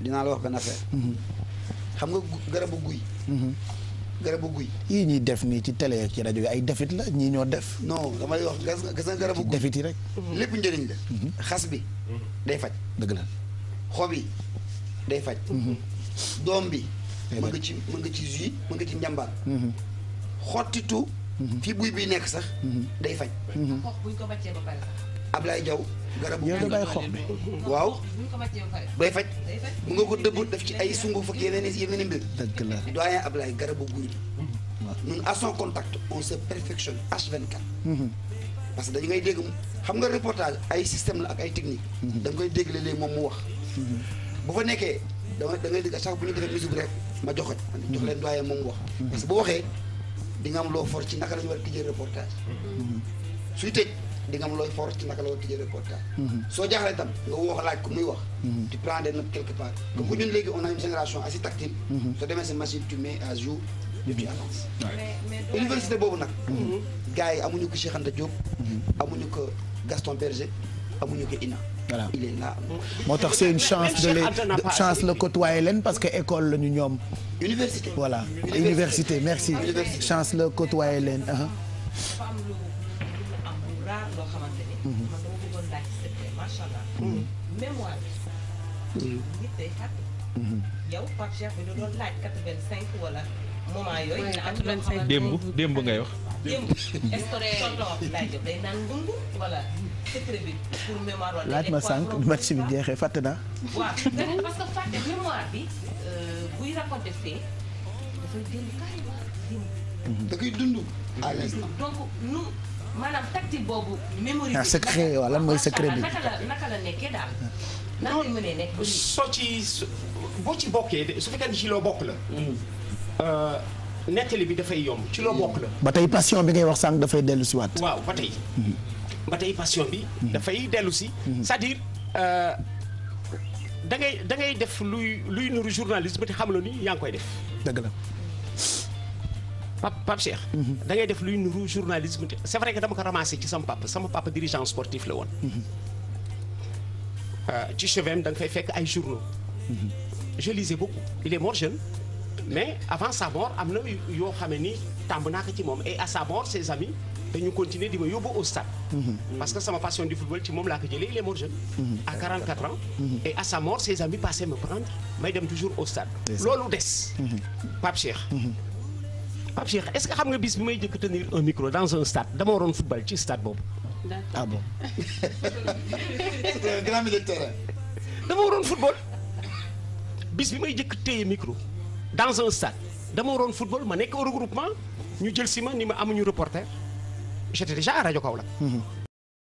dinaa la wax benn affaire xam nga garabu guy garabu guy yi ñuy def nii ci télé ci rajo bi ay defit la ñii ñoo def non dama lay wax gas nga garabu guy defit rek lépp njëriñ la xas bi day faj dëgg la xob day faj doom bi mën nga ci mën nga ci jus mën nga ci njàmbaar mhm. xottitu mhm. fii buy biy nekk sax mhm. day faj xox buñ ko baccee ba pare Ablaye Diaw garabu yow da ngay xox bi waaw bay faj mu nga ko dëbb def ci ay sunguf ak yeneen yeneen i mbir dëgg la doyen Ablaye garabu guy bi ñun à contact on se perfectionne H24 parce que dañu ngay dégg xam nga reportage ay système la ak ay technique da koy dégg léeg-léeg moom mu wax bu fa nekkee da da ngay dégg sax bu ñu defee musique rek ma joxoñ man jox leen doyen moom wax parce que bu waxee di nga am loo for ci naka la ñu war a tijjee reportage suy tëj di am looy for ci naka la war a tijjee reportage soo jaaxlee tam nga woo laaj muy wax tu prends des notes quelque part comme que ñun léegi on a une génération assez tactile soo demee sa machine tu mets à université boobu nag mhm. gars yi amuñu ko Cheikh Anta Diop mhm. amuñu ko Gaston Berger amuñu ko INA voilà il est moo tax c'est une chance de les chance la côtoyer leen parce que école la ñu ñoom. université voilà université merci. chance la côtoyer leen. yow Pape Cheikh bi da doon laaj moment démb démb ngay wax. laaj ma sànq match bi jeexee fàtt na waaw parce que fàtte mémoire bi euh, mhm. dund à l'instant. nu maanaam tactile boobu. mémoire ah, bi secret waaw mooy secret bi naka la nekkee daal. Ah. nan la mënee nekk. soo ci boo ci bokkee su fekkee ni ci loo bokk la. Mm. Euh, nettali bi dafay yomb ci loo bokk la. ba tey passion bi ngay wax sànq dafay dellu si waat. waaw ba tey. Hmm. ba tey passion bi. Hmm. dafay dellu si. Hmm. c'est-à-dire euh, da ngay da ngay def luy luy nuru journaliste ba te xam la ni yaa ngi koy def. dëgg la. Pape Pape Cheikh. da ngay def luy nuru journalisme c'est vrai que dama ko ramassé ci sama papa sama papa dirigeant sportif la woon. Euh, ci chevet da nga fay fekk ay journaux. je lisais beaucoup il est mort jeune. mais avant sa mort am na yoo xam ne ni tàmb naa ko ci moom et à sa mort ses dañu continuer di ma yóbbu au stade. Mhm. parce que sama passion du football ci moom laa ko jëlee il est mort jeune. Mhm. à 44 ans. Mhm. et à sa mort ses amis passaient prendre may dem toujours au stade. loolu des. Pape Cheikh. Pape Cheikh est-ce que xam nga bis bi may jëkk tenir un micro dans un stade dama waroon football ci stade boobu. ah bon. grand milieu terrain. dama waroon football bis bi may jëkk téye micro. dans un stade dama waroon football ma nekk au regroupement ñu jël si ma ni ma amuñu reporter j'étais déjà à rajo Kaolack. Mm-hmm.